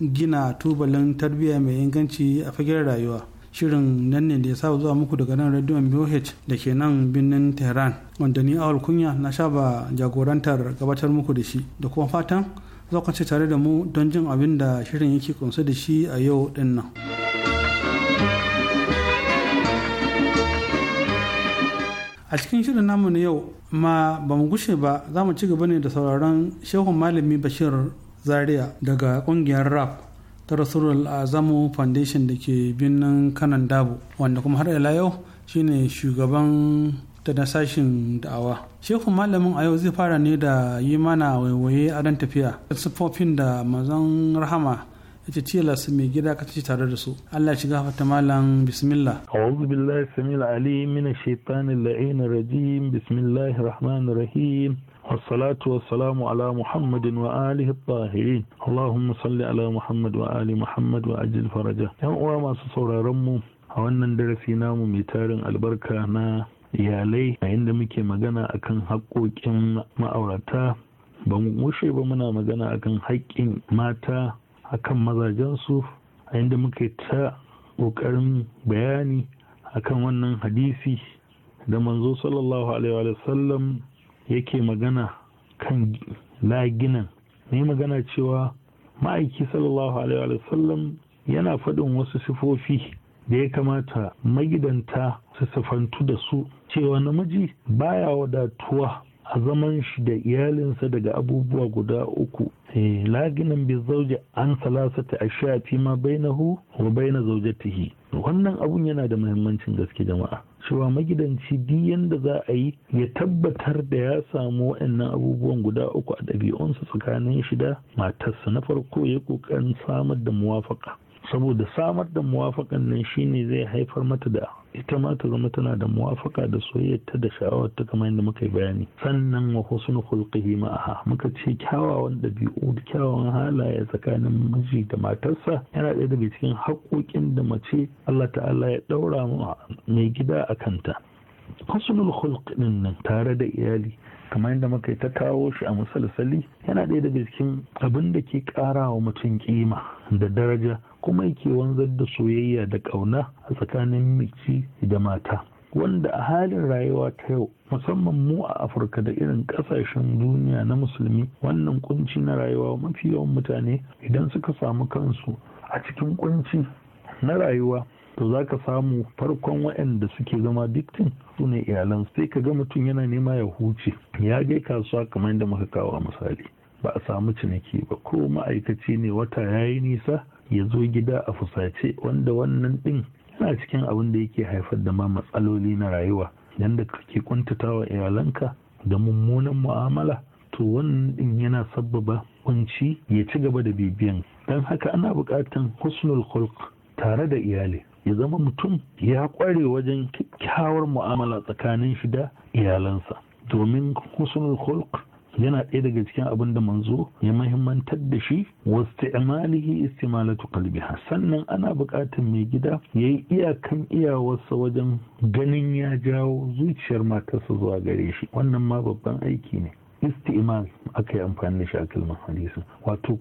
gina tubalin tarbiyya mai inganci a fagen rayuwa shirin nan ne da ya saba zuwa muku daga nan radio BOH da ke nan birnin Tehran wanda ni awal kunya na shaba jagorantar gabatar muku da shi da kuma fatan za ku ce tare da mu don jin abin da shirin yake kunsa da shi a yau din nan. a cikin shirin namu na yau ma ba mu gushe ba za mu ci gaba ne da sauraron shehun malami bashir zaria daga kungiyar rap ta rasurul azamu foundation da ke birnin kanan dabo wanda kuma har ila yau shine shugaban ta na sashin da'awa shehu malamin a yau zai fara ne da yi mana waiwaye a dan tafiya siffofin da mazan rahama yace tilas mai gida ka ci tare da su Allah shiga fata malam bismillah a'udhu billahi samil Ali, minash shaitanin la'in rajim bismillahir rahmanir والصلاة والسلام على محمد وآله الطاهرين اللهم صل على محمد وآل محمد وأجل فرجه yan uwa masu sauraron mu a wannan darasi namu mai tarin albarka na iyalai a inda muke magana akan haƙoƙin ma'aurata ba mu ba muna magana akan haƙƙin mata akan mazajensu a inda muke ta ƙoƙarin bayani akan wannan hadisi da manzo sallallahu alaihi wa sallam yake magana kan laginan ne magana cewa ma'aiki sallallahu alaihi sallam yana faɗin wasu sifofi da ya kamata magidanta su sifantu da su cewa namiji baya wadatuwa a zaman shi da iyalinsa daga abubuwa guda uku eh, laginan bi zauje an salasata a fi ma bainahu wa baina zaujatihi wannan abun yana da mahimmancin gaske jama'a cewa magidanci duk da za a yi ya tabbatar da ya samu wa'annan abubuwan guda uku a ɗabi'unsa tsakanin shida, matarsa na farko ya ƙoƙarin samar da muwafaka saboda samar da muwafakan nan shine zai haifar mata da ita ma ta zama tana da muwafaka da soyayyarta da sha'awar ta kamar yadda muka yi bayani sannan wa husnu khulqihi ma'aha muka ce kyawawan dabi'u da kyawawan halaye tsakanin miji da matarsa yana ɗaya daga cikin haƙoƙin da mace Allah ta'ala ya ɗaura mai gida a kanta husnul khulq din nan tare da iyali kamar yadda muka yi ta kawo shi a musalsali yana ɗaya daga cikin abin da ke ƙara wa mutum ƙima da daraja kuma yake wanzar da soyayya da ƙauna a tsakanin mace da mata wanda a halin rayuwa ta yau musamman mu a afirka da irin ƙasashen duniya na musulmi wannan kunci na rayuwa mafi yawan mutane idan suka samu kansu a cikin kunci na rayuwa to za ka samu farkon waɗanda suke zama victim su ne iyalan sai ka ga mutum yana nema ya huce ya gai kasuwa kamar yadda muka kawo a misali ba a samu ciniki ba ko ma'aikaci ne wata ya yi nisa ya zo gida a fusace wanda wannan ɗin yana cikin abin da yake haifar da ma matsaloli na rayuwa da kake wa iyalanka da mummunan mu'amala to wannan ɗin yana sabbaba kunci ya ci gaba da bibiyan don haka ana bukatan husnul khulq tare da iyali ya zama mutum ya kware wajen kyakkyawar mu'amala tsakanin shi da iyalansa domin husnul khulq yana ɗaya daga cikin abin da manzo ya mahimmantar da shi wasu imalihi istimalatu kalbiha sannan ana buƙatar mai gida ya yi iyakan iyawarsa wajen ganin ya jawo zuciyar matarsa zuwa gare shi wannan ma babban aiki ne istimal aka yi amfani da shi a kalmar hadisi wato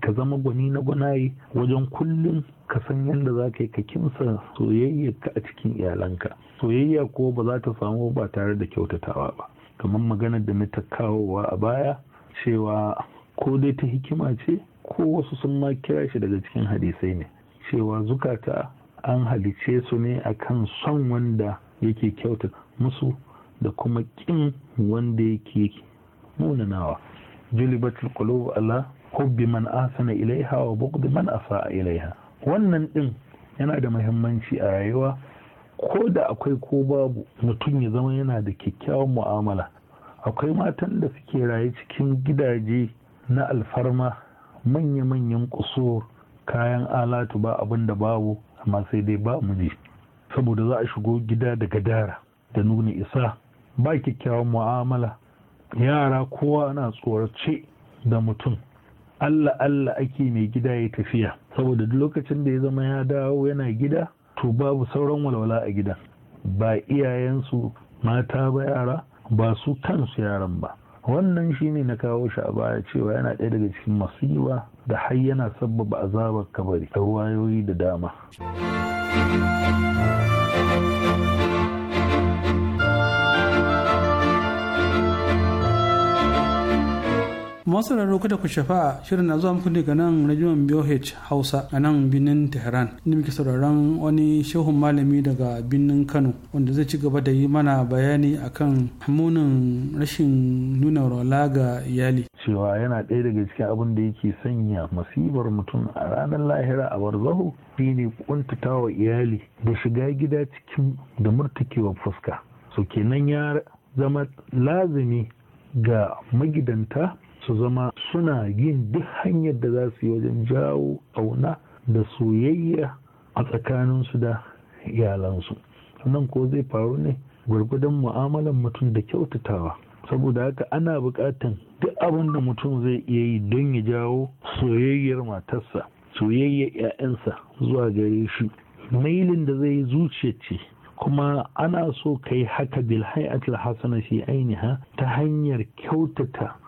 ka zama gwani na gwanaye wajen kullum ka san yadda za ka yi ka kimsa soyayyarka a cikin iyalanka soyayya ko ba za ta samu ba tare da kyautatawa ba kamar magana da na ta kawowa a baya cewa ko dai ta hikima ce ko wasu sun ma kira shi daga cikin hadisai ne cewa zukata an halice su ne akan son wanda yake kyauta musu da kuma kin wanda yake munanawa julibatul qulub ala hubbi man asana ilaiha wa bughdi man asaa ilaiha wannan din yana da mahimmanci a rayuwa ko da akwai ko babu mutum ya zama yana da kyakkyawan mu'amala akwai matan da suke raye cikin gidaje na alfarma manya-manyan kusur kayan alatu ba abin da babu amma sai dai ba mu ne saboda za a shigo gida daga dara da nuna isa ba kyakkyawan mu'amala yara kowa na tsorace da mutum allah allah ake mai gida ya tafiya saboda duk lokacin da ya zama ya dawo yana gida to babu sauran walwala a gidan ba iyayensu mata ba yara ba su kansu yaran ba wannan shine na kawo shi a baya cewa yana ɗaya daga cikin masu yiwa da har yana sabbaba azabar kabari da ruwayoyi da dama masu da kada ku shafa shirin na zuwa muku ga nan rajiyon BOH Hausa a nan binin Tehran inda muke sauraron wani shehun malami daga birnin Kano wanda zai ci gaba da yi mana bayani akan munin rashin nuna rola ga iyali. Cewa yana ɗaya daga cikin abin da yake sanya masibar mutum a ranar lahira a barzahu shine wa iyali da shiga gida cikin da murtakewa fuska. So kenan ya zama lazimi ga magidanta su zama suna yin duk hanyar da za su yi wajen jawo auna da soyayya a tsakaninsu da iyalansu nan ko zai faru ne gwargwadon mu'amalan mutum da kyautatawa saboda haka ana buƙatan duk abin da mutum zai iya yi don ya jawo soyayyar matarsa soyayyar 'ya'yansa zuwa gare shi mailin da zai yi zuciya ce kuma ana so ka yi haka bil a shi ainiha ta hanyar kyautata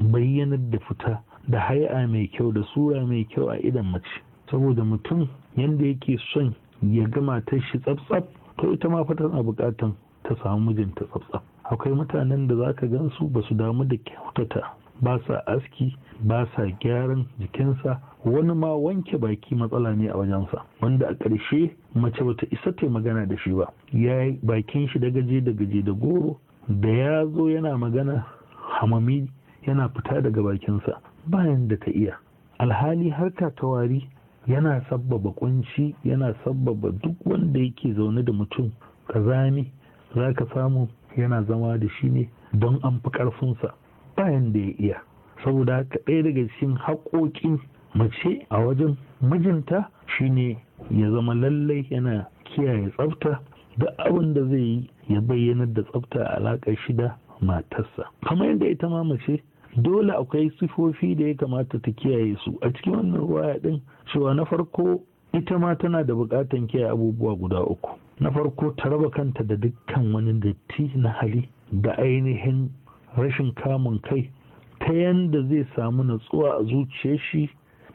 bayyanar da fita da hai'a mai kyau da sura mai kyau a idan mace saboda mutum yadda yake son ya gama ta shi tsabtsab to ita ma fatan a bukatan ta samu mijinta tsabtsab akwai mutanen da za ka gansu ba su damu da kyautata ba sa aski ba sa gyaran jikinsa wani ma wanke baki matsala ne a wajensa wanda a ƙarshe mace bata isa ta magana da shi ba ya bakin shi da gaje da gaje da goro da ya zo yana magana hamami yana fita daga bakinsa bayan da ta iya alhali harka ta wari yana sabbaba kunci yana sabbaba duk wanda yake zaune da mutum zami za ka samu yana zama da shi ne don an fi ƙarfinsa bayan da ya iya saboda haka ɗaya daga cikin haƙoƙin mace a wajen mijinta shine ya zama lallai yana kiyaye tsafta da abin da zai yi ya bayyanar da tsafta a alaƙar shida matarsa kamar yadda ita ma mace dole akwai sifofi da ya kamata ta kiyaye su a cikin wannan ruwaya din cewa na farko ita ma tana da bukatan kiyaye abubuwa guda uku na farko ta raba kanta da dukkan wani datti na hali da ainihin rashin kamun kai ta yanda zai samu natsuwa a zuciyar shi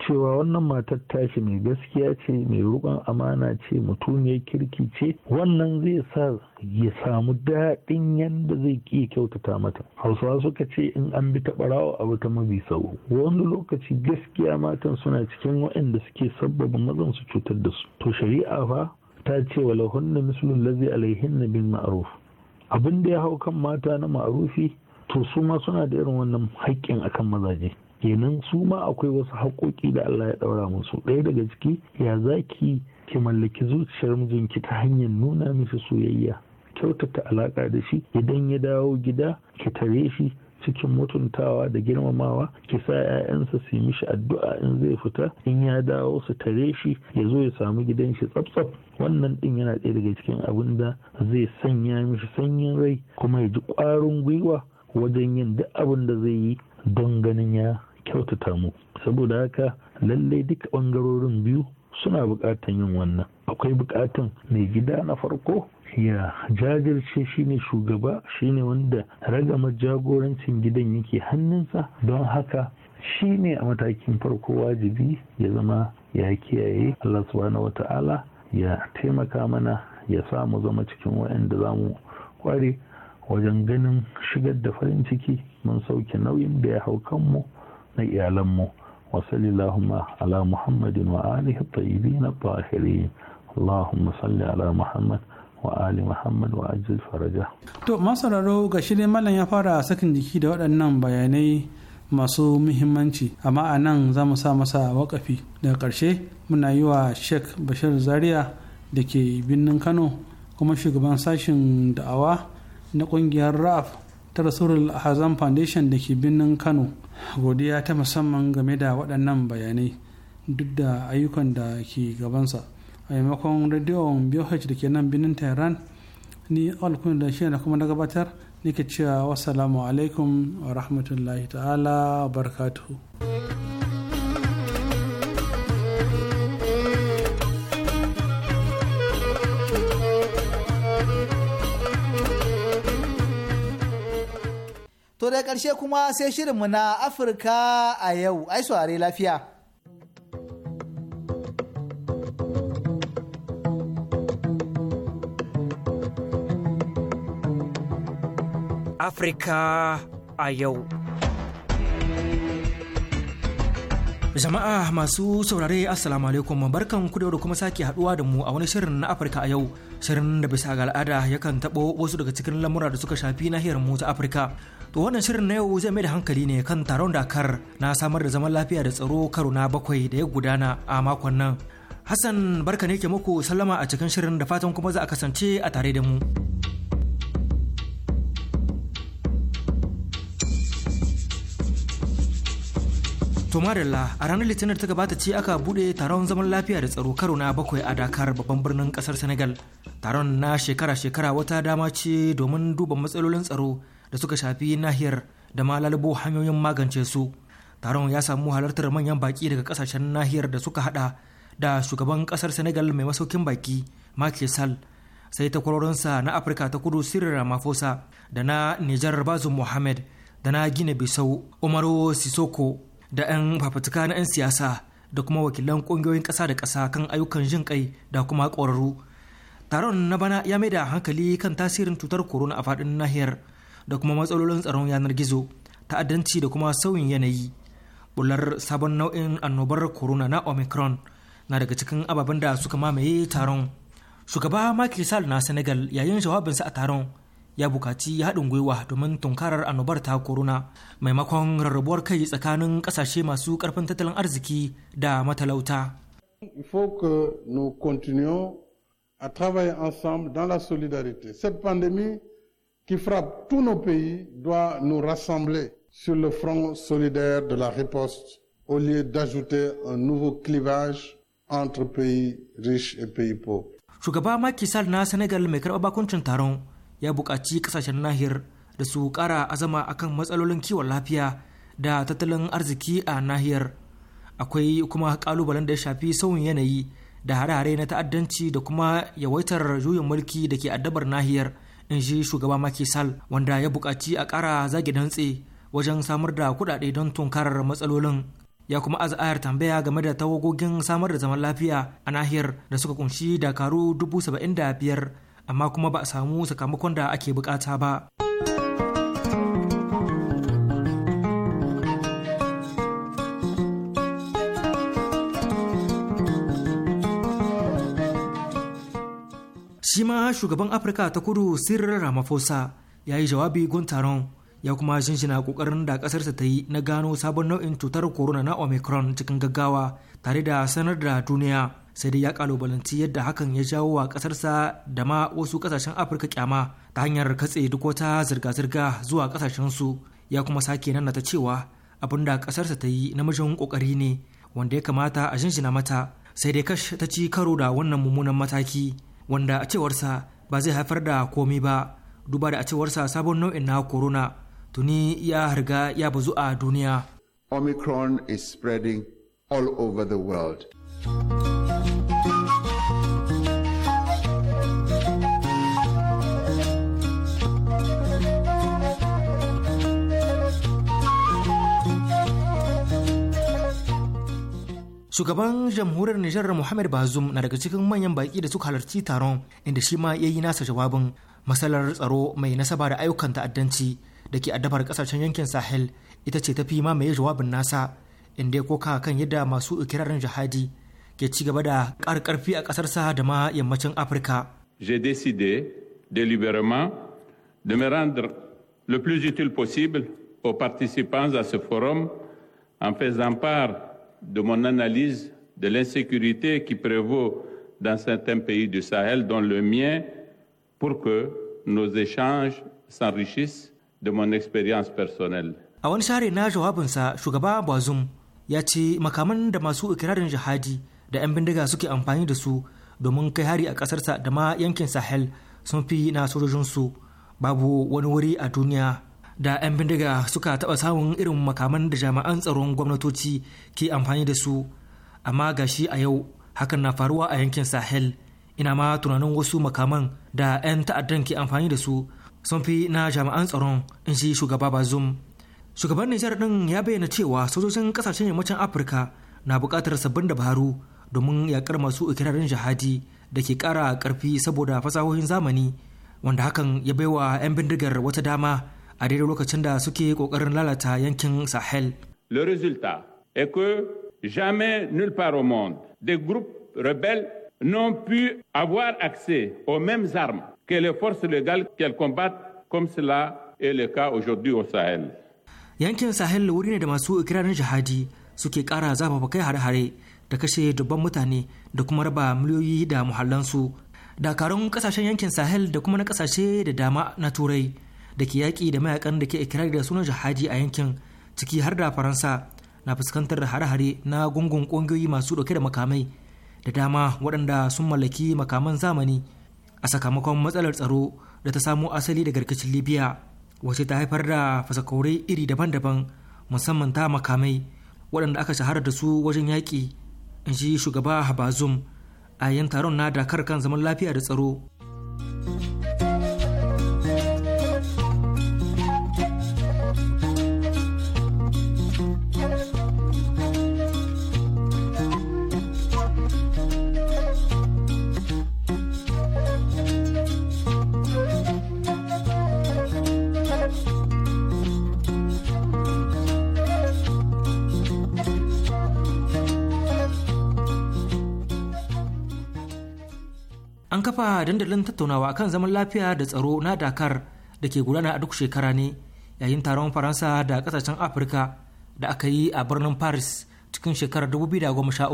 cewa wannan matar tashi mai gaskiya ce mai rukon amana ce ya kirki ce wannan zai sa ya samu daɗin yadda zai ƙi kyautata mata hausawa suka ce in an bi ta ɓarawo a wata mabi sau wani lokaci gaskiya matan suna cikin waɗanda suke sabbaba mazan su cutar da su to shari'a fa ta ce wa lahunna mislun lazi alaihinna bin ma'ruf abin da ya hau kan mata na ma'arufi to su ma suna da irin wannan haƙƙin akan mazaje kenan su ma akwai wasu haƙoƙi da Allah ya ɗaura musu ɗaya daga ciki ya zaki ki mallaki zuciyar mijinki ta hanyar nuna mishi soyayya kyautata alaƙa da shi idan ya dawo gida ki tare shi cikin mutuntawa da girmamawa ki sa 'ya'yansa su yi mishi addu'a in zai fita in ya dawo su tare shi ya zo ya samu gidan shi tsaf wannan ɗin yana ɗaya daga cikin abin da zai sanya mishi sanyin rai kuma ya ji ƙwarin gwiwa wajen yin duk abin da zai yi don ganin ya kyautata mu saboda haka lallai duka ɓangarorin biyu suna buƙatan yin wannan akwai buƙatan mai gida na farko ya jajirce shine shugaba shine wanda ragama jagorancin gidan yake hannunsa don haka shine a matakin farko wajibi ya zama ya kiyaye Allah subhanahu wata'ala ya taimaka mana ya sa mu zama cikin waɗanda za mu kware wajen ganin shigar da farin ciki mun sauke nauyin da ya hau kanmu na iyalanmu وصل اللهم على محمد وآله الطيبين الطاهرين اللهم صل على محمد وآل محمد وأجل فرجه to masararo ga shirin malam ya fara sakin jiki da waɗannan bayanai masu muhimmanci amma a nan za mu sa masa wakafi daga ƙarshe muna yi wa sheikh bashir zaria da ke birnin kano kuma shugaban sashen da'awa na ƙungiyar raf ta rasurul hazan foundation da ke birnin kano godiya ta musamman game da waɗannan bayanai duk da ayyukan da ke gabansa a maimakon radiyon BOH da ke nan birnin tehran ni alkun da shi na kuma na gabatar nake cewa wasu alaikum wa rahmatullahi ta'ala barkatu. da ƙarshe kuma sai shirinmu na Afirka a yau, ai saurare lafiya. Afirka a yau. Jama'a masu saurare Assalamu alaikum barkan ku da kuma sake haduwa da mu a wani shirin na Afirka a yau shirin da bisa ga al'ada yakan taɓo wasu daga cikin lamura da suka shafi nahiyar mu ta Afirka To wannan shirin na yau zai mai da hankali ne kan taron Dakar na samar da zaman lafiya da tsaro karo na bakwai da ya gudana a makon nan. Hassan barka ne ke muku sallama a cikin shirin da fatan kuma za a kasance a tare da mu. To a ranar Litinin ta gabata ce aka bude taron zaman lafiya da tsaro karo na bakwai a Dakar babban birnin kasar Senegal. Taron na shekara-shekara wata dama ce domin duba matsalolin tsaro da suka shafi nahiyar da ma lalubo hanyoyin magance su taron ya samu halartar manyan baki daga kasashen nahiyar da suka hada da shugaban kasar senegal mai masaukin baki Macky Sall sai ta takwarorinsa na afirka ta kudu Cyril Ramaphosa da na nijar bazu Mohamed da na gina Bisau Umaru sisoko da 'yan fafutuka na 'yan siyasa da kuma wakilan kungiyoyin ƙasa da ƙasa kan ayyukan jin kai da kuma ƙwararru. Taron na bana ya mai da hankali kan tasirin cutar corona a faɗin nahiyar da kuma matsalolin tsaron yanar gizo ta'addanci da kuma sauyin yanayi bular sabon nau'in annobar corona na omicron na daga cikin ababen da suka mamaye taron shugaba Macky Sall na Senegal yayin jawabinsa a taron ya bukaci haɗin gwiwa domin tunkarar annobar ta corona maimakon rarrabuwar kai tsakanin ƙasashe masu ƙarfin tattalin arziki da matalauta. Il faut que nous continuions à travailler ensemble dans la solidarité. Cette pandémie qui frappe tous nos pays doit nous rassembler sur le front solidaire de la riposte au lieu d'ajouter un nouveau clivage entre pays riches et pays pauvres. Shugaba Macky Sall na Senegal mai karɓar bakuncin taron ya buƙaci ƙasashen nahiyar da su ƙara azama akan matsalolin kiwon lafiya da tattalin arziki a nahiyar. Akwai kuma ƙalubalen da ya shafi sauyin yanayi da hare-hare na ta'addanci da kuma yawaitar juyin mulki da ke addabar nahiyar. in shi shugaba maki sal wanda ya buƙaci a ƙara zage dantse wajen samar da kuɗaɗe don tunkarar matsalolin ya kuma az'ayar tambaya game da tawagogin samar da zaman lafiya a nahiyar da suka kunshi dakaru dubu saba'in da biyar amma kuma ba a samu sakamakon da ake bukata ba. shi ma shugaban afirka ta kudu sirrin ramaphosa ya yi jawabi gun taron ya kuma shinshina kokarin da kasarsa ta yi na gano sabon nau'in cutar corona na omicron cikin gaggawa tare da sanar da duniya sai dai ya kalubalanci yadda hakan ya jawo wa kasarsa da ma wasu kasashen afirka kyama ta hanyar katse duk wata zirga-zirga zuwa su ya kuma sake ta cewa abin da kasarsa ta yi namijin kokari ne wanda ya kamata a shinshina mata sai dai kash ta ci karo da wannan mummunan mataki wanda a cewarsa ba zai haifar da komi ba duba da a cewarsa sabon nau'in na corona tuni ya harga ya bazu a duniya. Omicron is spreading all over the world. Shugaban jamhuriyar Nijar Muhammad Bazoum na daga cikin manyan baki da suka halarci taron inda shi ma ya yi nasa jawabin masalar tsaro mai nasaba da ayyukan ta'addanci da ke addabar kasashen yankin Sahel ita ce ta tafi mai jawabin nasa inda ya koka kan yadda masu ikirarin jihadi ke ci gaba da karkarfi a a ƙasarsa da ma yammacin Afirka. J'ai décidé délibérément de me rendre le plus utile possible aux participants à ce forum en faisant part de mon analyse de l'insécurité qui prévaut dans certains pays du Sahel, dont le mien, pour que nos échanges s'enrichissent de mon expérience personnelle. da 'yan bindiga suka taɓa samun irin makaman da jami'an tsaron gwamnatoci ke amfani da su amma gashi a yau hakan na faruwa a yankin sahel ina ma tunanin wasu makaman da 'yan ta'addan ke amfani da su sun fi na jami'an tsaron in shi shugaba bazum shugaban nijar din ya bayyana cewa sojojin kasashen yammacin afirka na bukatar sabbin dabaru domin yakar masu ikirarin jihadi da ke kara karfi saboda fasahohin zamani wanda hakan ya baiwa 'yan bindigar wata dama a daidai lokacin da suke kokarin lalata yankin Sahel. Le résultat est que jamais nulle part au monde des groupes rebelles n'ont pu avoir accès aux mêmes armes que les forces légales qu'elles combattent comme cela est le cas aujourd'hui au Sahel. Yankin Sahel wuri ne da masu ikirarin jihadi suke kara zafafa kai hare-hare da kashe dubban mutane da kuma raba miliyoyi da muhallansu dakarun kasashen yankin sahel da kuma na kasashe da dama na turai da ke yaƙi da mayakan da ke ikirari da sunan jihadi a yankin ciki har da faransa na fuskantar hare-hare na gungun ƙungiyoyi masu ɗauke da makamai da dama waɗanda sun mallaki makaman zamani a sakamakon matsalar tsaro da ta samo asali daga rikicin libya wacce ta haifar da fasakaurai iri daban-daban musamman ta makamai waɗanda aka shahara da su wajen yaƙi in shi shugaba habazum a yan taron na dakar kan zaman lafiya da tsaro. kafa dandalin tattaunawa kan zaman lafiya da tsaro na dakar da ke gudana a duk shekara ne yayin taron faransa da kasashen afirka da aka yi a birnin paris cikin shekarar 2013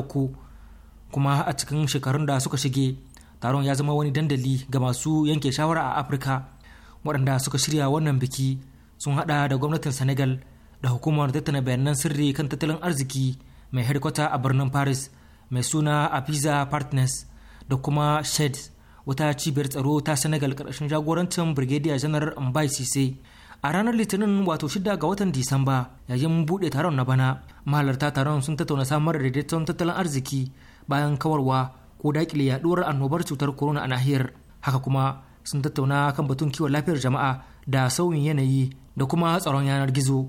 kuma a cikin shekarun da suka shige taron ya zama wani dandali ga masu yanke shawara a afirka waɗanda suka shirya wannan biki sun hada da gwamnatin senegal da hukumar tattana bayanan sirri kan tattalin arziki mai harkwata a birnin paris mai suna apiza partners da kuma shed wata cibiyar tsaro ta senegal karshen jagorancin brigadier janar mbai sise a ranar litinin wato 6 ga watan disamba yayin buɗe taron na bana mahalarta taron sun tattauna samar da daidaiton tattalin arziki bayan kawarwa ko dakile yaduwar annobar cutar corona a nahiyar haka kuma sun tattauna kan batun kiwon lafiyar jama'a da sauyin yanayi da kuma tsaron yanar gizo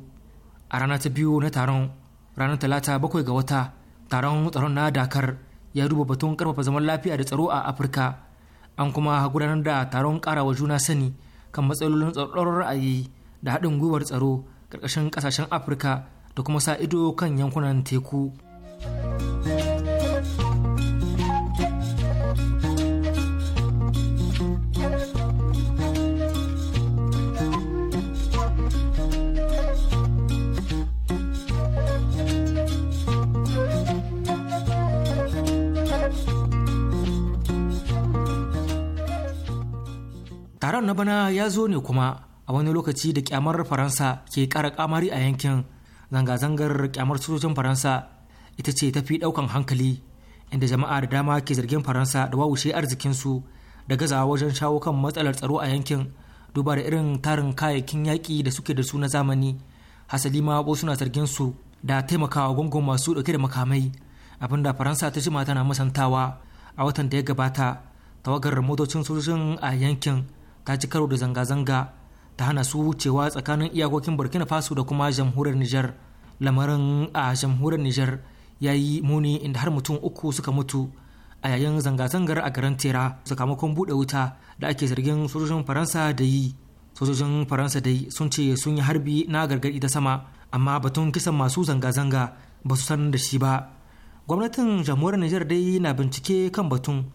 a rana ta biyu na taron ranar talata bakwai ga wata taron tsaron na dakar ya duba batun karfafa zaman lafiya da tsaro a afirka an kuma gudanar da taron karawa juna sani kan matsalolin tsaron ra'ayi da haɗin gwiwar tsaro ƙarƙashin ƙasashen afirka da kuma sa ido kan yankunan teku. taron na bana ya zo ne kuma a wani lokaci da kyamar faransa ke kara kamari a yankin zanga-zangar kyamar sojojin faransa ita ce tafi daukan hankali inda jama'a da dama ke zargin faransa da wawushe arzikinsu da gazawa wajen shawo kan matsalar tsaro a yankin duba da irin tarin kayayyakin yaƙi da suke da su na zamani hasali ma wasu na zargin su da taimakawa gungun masu ɗauke da makamai abinda faransa ta jima tana musantawa a watan da ya gabata tawagar motocin sojojin a yankin ta ci karo da zanga-zanga ta hana su wucewa tsakanin iyakokin burkina faso da kuma jamhuriyar nijar lamarin a jamhuriyar nijar ya yi muni inda har mutum uku suka mutu a yayin zanga-zangar a garin tera sakamakon buɗe wuta da ake zargin sojojin faransa da yi sojojin faransa da yi sun ce sun yi harbi na gargadi ta sama amma batun kisan masu zanga-zanga ba su san da shi ba gwamnatin jamhuriyar nijar dai na bincike kan batun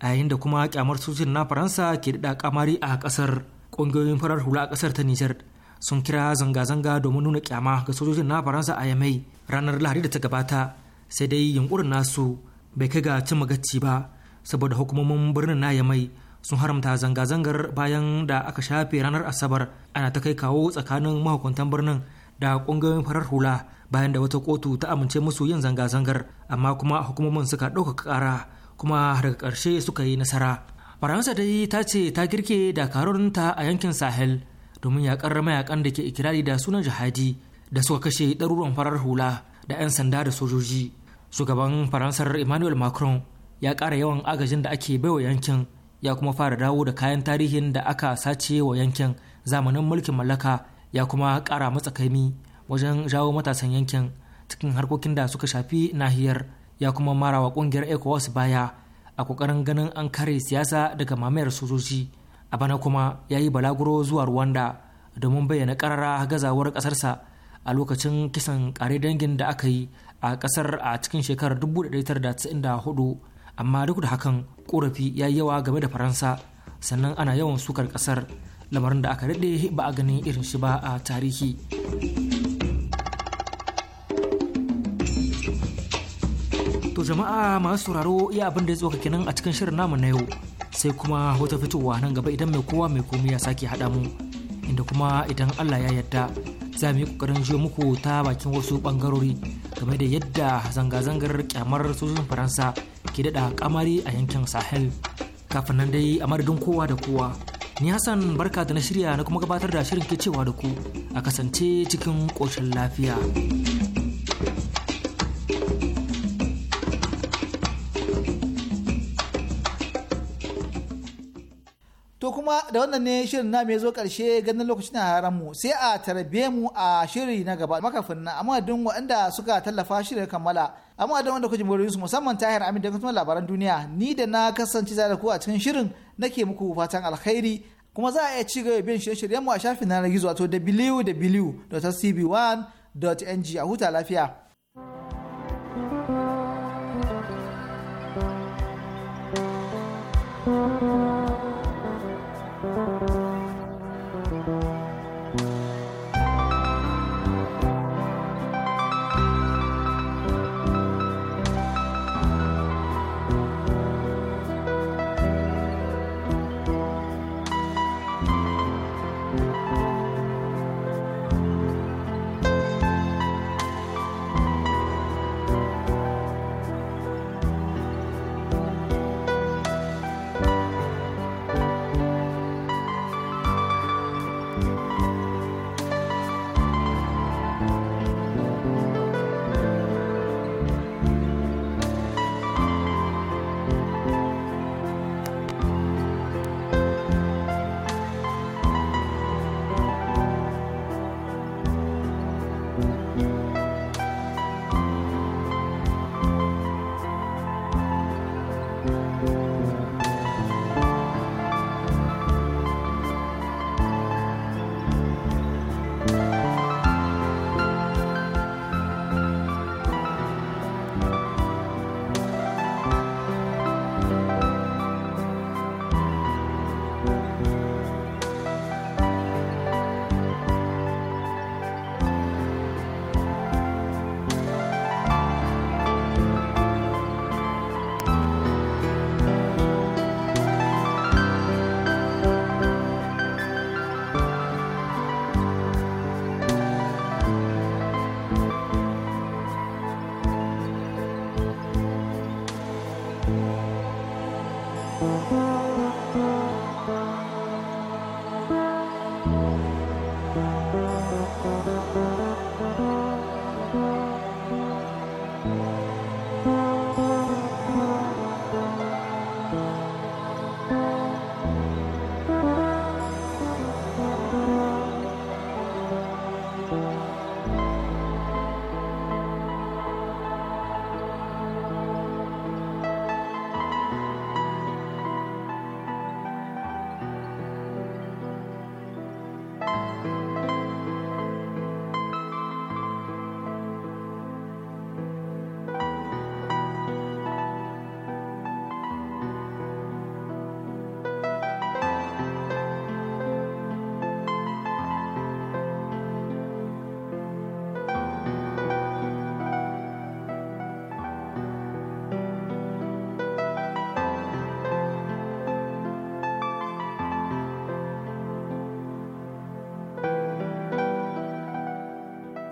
a yayin da kuma kyamar sojin na faransa ke daɗa kamari a ƙasar ƙungiyoyin farar hula a ƙasar ta nijar sun kira zanga-zanga domin nuna kyama ga sojojin na faransa a yamai ranar lahadi da ta gabata sai dai yunkurin nasu bai kai ga cin magacci ba saboda hukumomin birnin na yamai sun haramta zanga-zangar bayan da aka shafe ranar asabar ana ta kai kawo tsakanin mahukuntan birnin da ƙungiyoyin farar hula bayan da wata kotu ta amince musu yin zanga-zangar amma kuma hukumomin suka ɗaukaka ƙara kuma daga ƙarshe suka yi nasara faransa dai ta ce ta girke dakarorinta a yankin sahel domin yakar mayakan da ke ikirari da sunan jihadi da suka kashe ɗaruruwan farar hula da 'yan sanda da sojoji shugaban faransar emmanuel macron ya ƙara yawan agajin da ake baiwa yankin ya kuma fara dawo da kayan tarihin da aka sace wa yankin zamanin mulkin mallaka ya kuma ƙara matsakaimi wajen jawo matasan yankin cikin harkokin da suka shafi nahiyar ya kuma mara wa kungiyar ecowas baya a kokarin ganin an kare siyasa daga mamayar sojoji a bana kuma ya yi balaguro zuwa rwanda domin bayyana karara gazawar kasarsa a lokacin kisan kare dangin da aka yi a kasar a cikin shekarar 1994 amma duk da hakan korafi ya yi yawa game da faransa sannan ana yawan sukar kasar lamarin da aka daɗe ba a ganin irin shi ba a tarihi. To jama'a masu sauraro iya abin da ya tsoka kenan a cikin shirin namu na yau sai kuma wata fitowa nan gaba idan mai kowa mai komi ya sake haɗa mu inda kuma idan Allah ya yarda za mu yi kokarin jiyo muku ta bakin wasu bangarori game da yadda zanga-zangar kyamar sojojin Faransa ke daɗa kamari a yankin Sahel. Kafin nan dai a madadin kowa da kowa ni Hassan barka da na shirya na kuma gabatar da shirin ke cewa da ku a kasance cikin koshin lafiya. kuma da wannan ne shirin na mai zo karshe ganin lokacin na mu sai a tarbe mu a shiri na gaba makafin na amma dun waɗanda suka tallafa shirin kammala amma da wanda kuke murin su musamman tahir amin da kuma labaran duniya ni da na kasance da ku a cikin shirin nake muku fatan alkhairi kuma za a iya ci gaba bin shirye-shiryen mu a shafin na gizo wato wwwcb 1ng a huta lafiya.